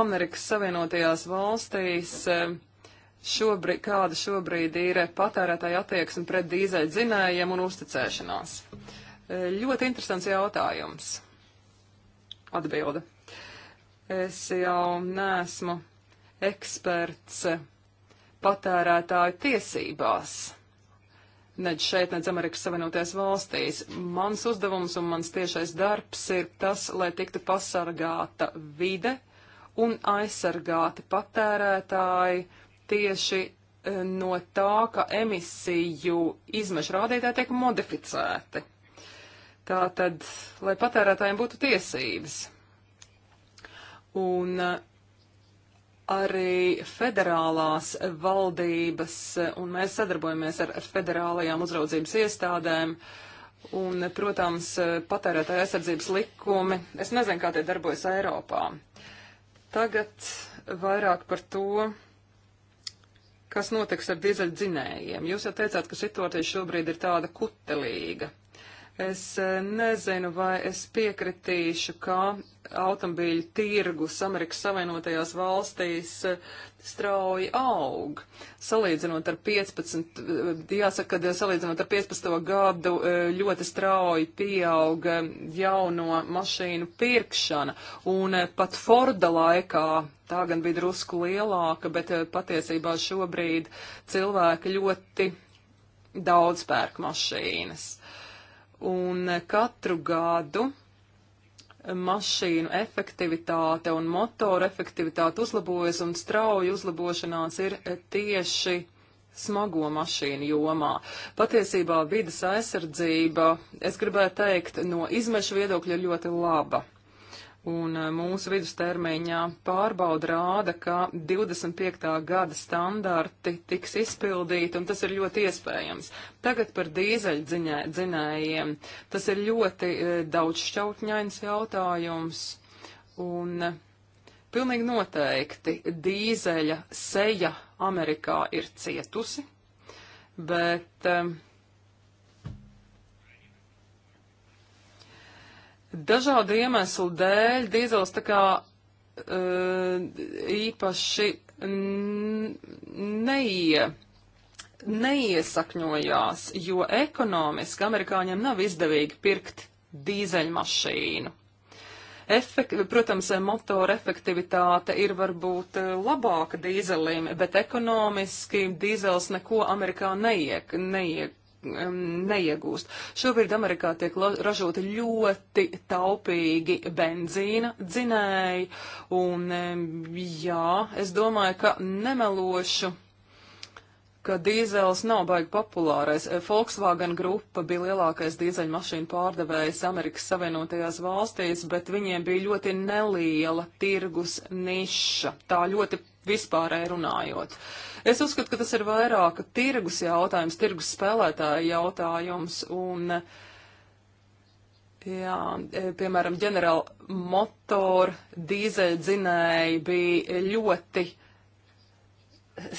Amerikas Savienotajās valstīs šobrīd, kāda šobrīd ir patērētāja attieksme pret dīzeļdzinējiem un uzticēšanās. E, ļoti interesants jautājums. Atbilde. Es jau neesmu eksperts patērētāju tiesībās ne šeit, ne Amerikas Savienotajās valstīs. Mans uzdevums un mans tiešais darbs ir tas, lai tiktu pasargāta vide un aizsargāti patērētāji tieši e, no tā, ka emisiju izmešu rādītāji tiek modificēti. Tā tad, lai patērētājiem būtu tiesības. Un e, arī federālās valdības, e, un mēs sadarbojamies ar federālajām uzraudzības iestādēm, un, protams, patērētāja aizsardzības likumi. Es nezinu, kā tie darbojas Eiropā. Tagad vairāk par to, kas notiks ar dīzeļdzinējiem. Jūs jau teicāt, ka situācija šobrīd ir tāda kutelīga. Es eh, nezinu, vai es piekritīšu, ka automobīļu tirgus Amerikas Savienotajās valstīs eh, strauji aug. Salīdzinot ar 15, eh, jāsaka, ka salīdzinot ar 15. gadu ļoti strauji pieauga jauno mašīnu pirkšana, un pat Forda laikā tā gan bija drusku lielāka, bet patiesībā šobrīd cilvēki ļoti daudz pērk mašīnas un katru gadu mašīnu efektivitāte un motoru efektivitāte uzlabojas un strauji uzlabošanās ir tieši smago mašīnu jomā. Patiesībā vidas aizsardzība, es gribētu teikt, no izmešu viedokļa ļoti laba. Un eh, mūsu vidustermiņā pārbauda rāda, ka 25. gada standarti tiks izpildīti, un tas ir ļoti iespējams. Tagad par dīzeļdzinējiem. Tas ir ļoti e, eh, daudzšķautņains jautājums, un eh, pilnīgi noteikti dīzeļa seja Amerikā ir cietusi, bet. Um, e, Dažādu iemeslu dēļ dīzels tā kā eh, īpaši neie, neiesakņojās, jo ekonomiski amerikāņiem nav izdevīgi pirkt dīzeļmašīnu. Efek, protams, motora efektivitāte ir varbūt eh, labāka dīzelim, bet ekonomiski dīzels neko Amerikā neiek, neiek um, neiegūst. Šobrīd Amerikā tiek ražota ļoti taupīgi benzīna dzinēji, un um, jā, es domāju, ka nemelošu ka dīzels nav baigi populārais. Volkswagen grupa bija lielākais dīzeļmašīnu pārdevējs Amerikas Savienotajās valstīs, bet viņiem bija ļoti neliela tirgus niša. Tā ļoti vispārēji runājot. Es uzskatu, ka tas ir vairāk tirgus jautājums, tirgus spēlētāja jautājums un, jā, e, piemēram, ģenerāla motoru dīzeļdzinēji bija ļoti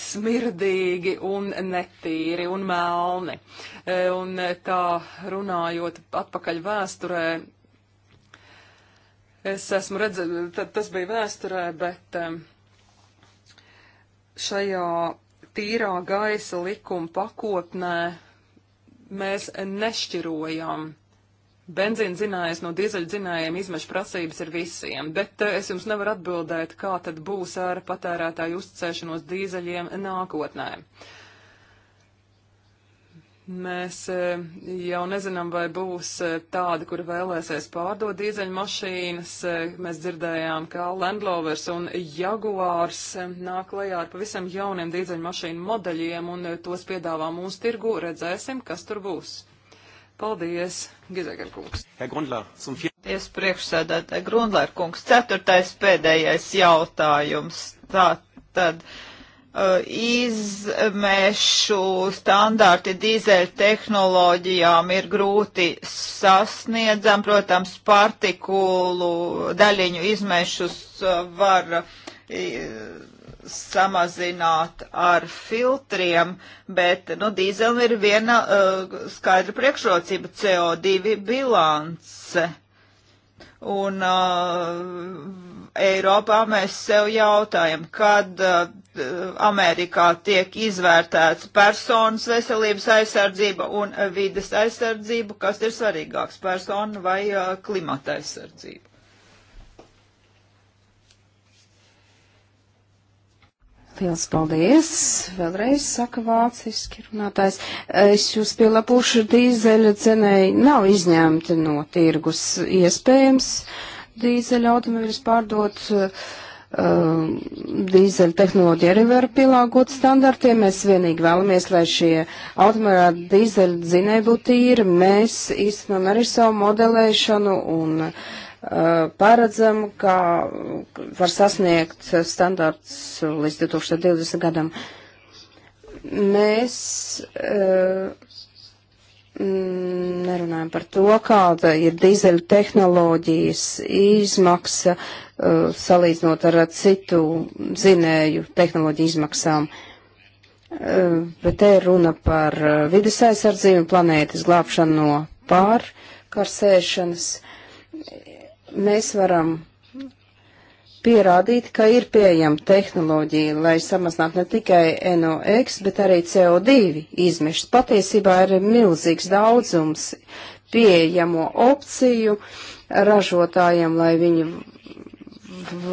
smirdīgi un netīri un melni. E, un tā runājot atpakaļ vēsturē, es esmu redzējis, tas bija vēsturē, bet e, šajā tīrā gaisa likuma pakotnē mēs nešķirojam. Benzīna dzinējas no dīzeļdzinējiem izmešu prasības ir visiem, bet eh, es jums nevaru atbildēt, kā tad būs ar patērētāju uzticēšanos dīzeļiem nākotnē. Uh, Mēs e, jau nezinām, vai būs e, tādi, kuri vēlēsies pārdot dīzeļmašīnas. E, mēs dzirdējām, ka Landrovers un Jaguars nāk lejā ar pavisam jauniem dīzeļmašīnu modeļiem un tos piedāvā mūsu tirgu. Redzēsim, kas tur būs. Paldies, Gizegar kungs. Paldies, priekšsēdētāji Grundlēr kungs. Ceturtais pēdējais jautājums. Tā tad izmešu standarti dīzeļu tehnoloģijām ir grūti sasniedzam. Protams, partikulu daļiņu izmešus var samazināt ar filtriem, bet nu, dīzelim ir viena uh, skaidra priekšrocība CO2 bilance. Un uh, Eiropā mēs sev jautājam, kad uh, Amerikā tiek izvērtēts personas veselības aizsardzība un vides aizsardzība, kas ir svarīgāks - persona vai uh, klimata aizsardzība? Liels paldies! Vēlreiz saka vāciski runātājs. Es jūs pielapūšu dīzeļa cenēji nav izņemti no tirgus iespējams. Uh, dīzeļa automobīļus pārdot. Uh, dīzeļa tehnoloģija arī var pielāgot standartiem. Mēs vienīgi vēlamies, lai šie automobīļa dīzeļa dzinēji būtu tīri. Mēs īstenam arī savu modelēšanu un uh, paredzam, ka var sasniegt standarts līdz 2020 gadam. Mēs uh, Mm, nerunājam par to, kāda ir dizeļu tehnoloģijas izmaksa uh, salīdzinot ar citu zinēju tehnoloģiju izmaksām. Uh, bet te runa par uh, vidas aizsardzību un planētas glābšanu no pārkarsēšanas. Mēs varam pierādīt, ka ir pieejama tehnoloģija, lai samazinātu ne tikai NOx, bet arī CO2 izmešas. Patiesībā ir milzīgs daudzums pieejamo opciju ražotājiem, lai viņi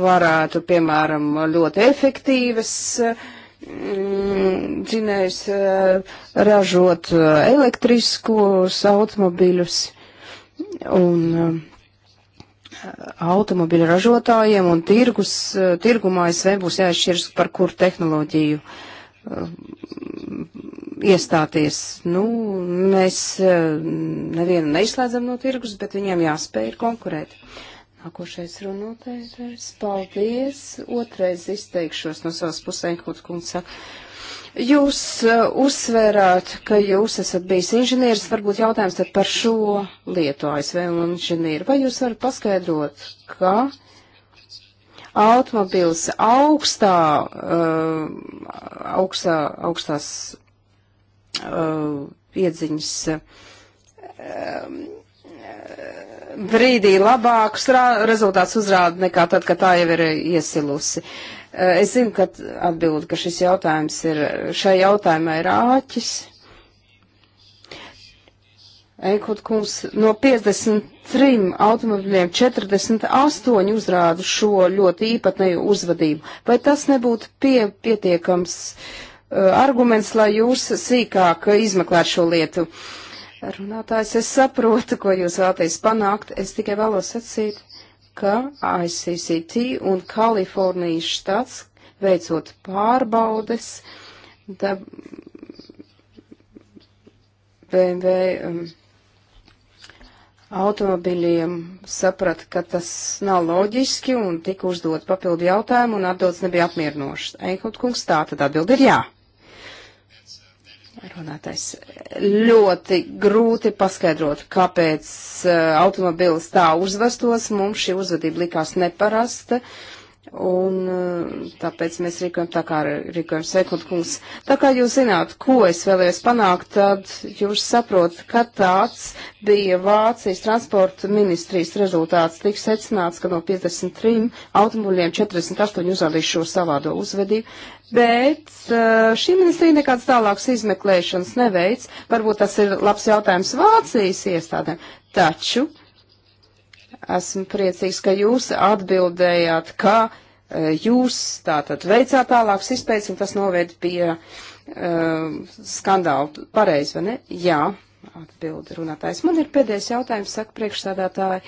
varētu, piemēram, ļoti efektīvas mm, dzinējs eh, ražot eh, elektriskus automobīļus. Un, eh, automobiļu ražotājiem un tirgus, eh, tirgumā ASV būs jāizšķirs, par kur tehnoloģiju eh, iestāties. Nu, mēs eh, nevienu neizslēdzam no tirgus, bet viņiem jāspēj ir konkurēt. Nākošais runātājs, paldies. Otrais izteikšos no savas pusē, kaut kungs saka. Jūs eh, uzsvērāt, ka jūs esat bijis inženieris, varbūt jautājums tad par šo lietu ASV un inženieru. Vai jūs varat paskaidrot, ka automobils augstā, uh, augstā, augstās uh, iedziņas uh, brīdī labākus rezultātus uzrāda nekā tad, kad tā jau ir iesilusi. Eh, es zinu, ka atbildi, ka šis jautājums ir, šai jautājumā ir āķis. Eikot kungs, no 53 automobiļiem 48 uzrāda šo ļoti īpatnēju uzvadību. Vai tas nebūtu pie, pietiekams uh, arguments, lai jūs sīkāk izmeklētu šo lietu? Runātājs, es saprotu, ko jūs vēlaties panākt. Es tikai vēlos sacīt ka ICCT un Kalifornijas štats veicot pārbaudes da, BMW um, automobiļiem saprata, ka tas nav loģiski un tika uzdot papildu jautājumu un atbildes nebija apmierinošas. Eikot kungs, tā tad atbild ir jā runātais. Ļoti grūti paskaidrot, kāpēc uh, automobilis tā uzvestos. Mums šī uzvedība likās neparasta. Un uh, tāpēc mēs rīkojam tā kā rīkojam sekundkungs. Tā kā jūs zināt, ko es vēlējos panākt, tad jūs saprotat, ka tāds bija Vācijas transporta ministrijas rezultāts. Tik secināts, ka no 53 automobiļiem 48 uzrādīs šo savādo uzvedību bet eh, šī ministrija nekādas tālākas izmeklēšanas neveic. Varbūt tas ir labs jautājums Vācijas iestādēm, taču esmu priecīgs, ka jūs atbildējāt, ka eh, jūs tātad veicāt tālākas izpētes un tas noved pie uh, skandāla. Pareizi, vai ne? Jā, atbildi runātājs. Man ir pēdējais jautājums, saka priekšsādātāji.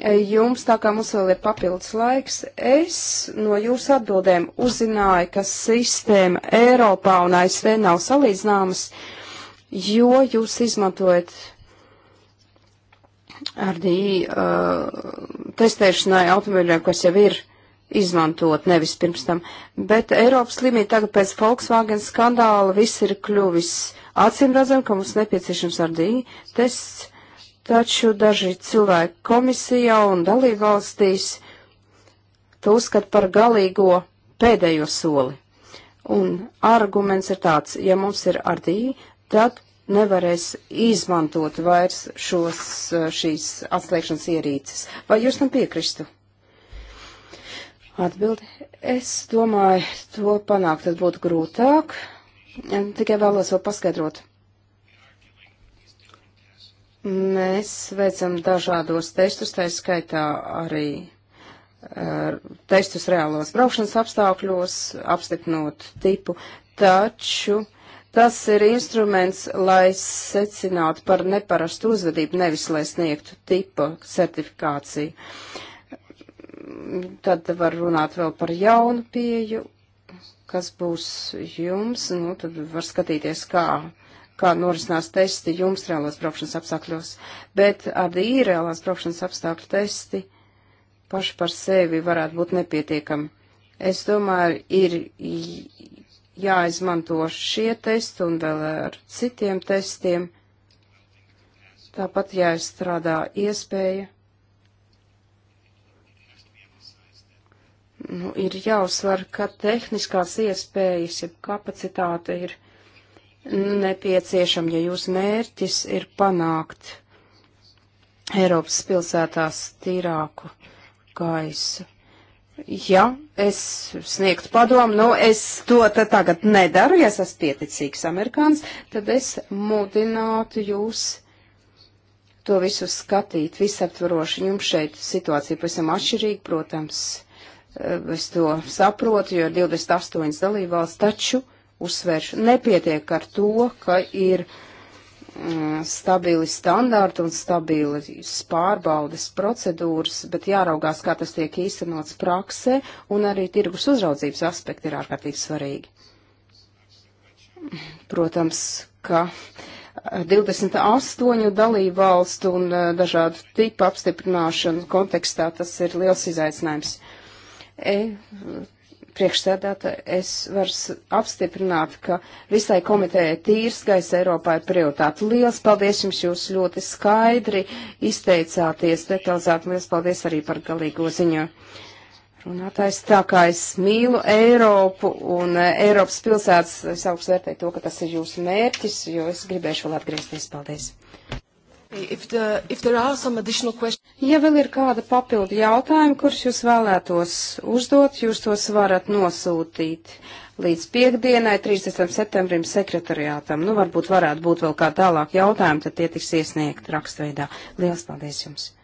E, jums, tā kā mums vēl ir papildus laiks, es no jūsu atbildēm uzzināju, ka sistēma Eiropā un ASV nav salīdzināmas, jo jūs izmantojat arī uh, e, testēšanai automobiļiem, kas jau ir izmantot, nevis pirms tam. Bet Eiropas līmenī tagad pēc Volkswagen skandāla viss ir kļuvis acīmredzami, ka mums nepieciešams arī tests taču daži cilvēki komisijā un dalībvalstīs to uzskat par galīgo pēdējo soli. Un arguments ir tāds, ja mums ir ardī, tad nevarēs izmantot vairs šos, šīs atslēgšanas ierīces. Vai jūs tam piekristu? Atbildi. Es domāju, to panākt tas būtu grūtāk. Tikai vēlos vēl paskaidrot. Mēs veicam dažādos testus, tā skaitā arī uh, testus reālos braukšanas apstākļos, apstiprinot tipu, taču tas ir instruments, lai secinātu par neparastu uzvedību, nevis lai sniegtu tipa certifikāciju. Tad var runāt vēl par jaunu pieju, kas būs jums, nu tad var skatīties, kā kā norisinās testi jums reālās braukšanas apstākļos, bet arī īrēlās braukšanas apstākļu testi paši par sevi varētu būt nepietiekami. Es domāju, ir jāizmanto šie testi un vēl ar citiem testiem. Tāpat jāizstrādā iespēja. Nu, ir jāuzsver, ka tehniskās iespējas, ja kapacitāte ir nepieciešama, ja jūsu mērķis ir panākt Eiropas pilsētās tīrāku gaisu. Ja es sniegtu padomu, nu es to tagad nedaru, ja es esmu pieticīgs amerikānis, tad es mudinātu jūs to visu skatīt visaptvaroši. Jums šeit situācija pavisam atšķirīga, protams, es to saprotu, jo ir 28 dalībvalsts, taču uzsvēršu, nepietiek ar to, ka ir mm, stabili standarti un stabili pārbaudes procedūras, bet jāraugās, kā tas tiek īstenots praksē, un arī tirgus uzraudzības aspekti ir ārkārtīgi svarīgi. Protams, ka 28 dalību valstu un eh, dažādu tipu apstiprināšanu kontekstā tas ir liels izaicinājums. E, priekšsēdētāji, es varu apstiprināt, ka visai komitējai tīrs gaisa Eiropā ir prioritāte. Liels paldies jums, jūs ļoti skaidri izteicāties detalizēt. Liels paldies arī par galīgo ziņu. Runātājs tā kā es mīlu Eiropu un eh, Eiropas pilsētas, es augstu vērtēju to, ka tas ir jūsu mērķis, jo es gribēšu vēl atgriezties. Paldies! If the, if ja vēl ir kāda papildu jautājuma, kurš jūs vēlētos uzdot, jūs tos varat nosūtīt līdz piekdienai, 30. septembrim sekretariātam. Nu, varbūt varētu būt vēl kā tālāk jautājumi, tad tie tiks iesniegt rakstveidā. Lielas paldies jums!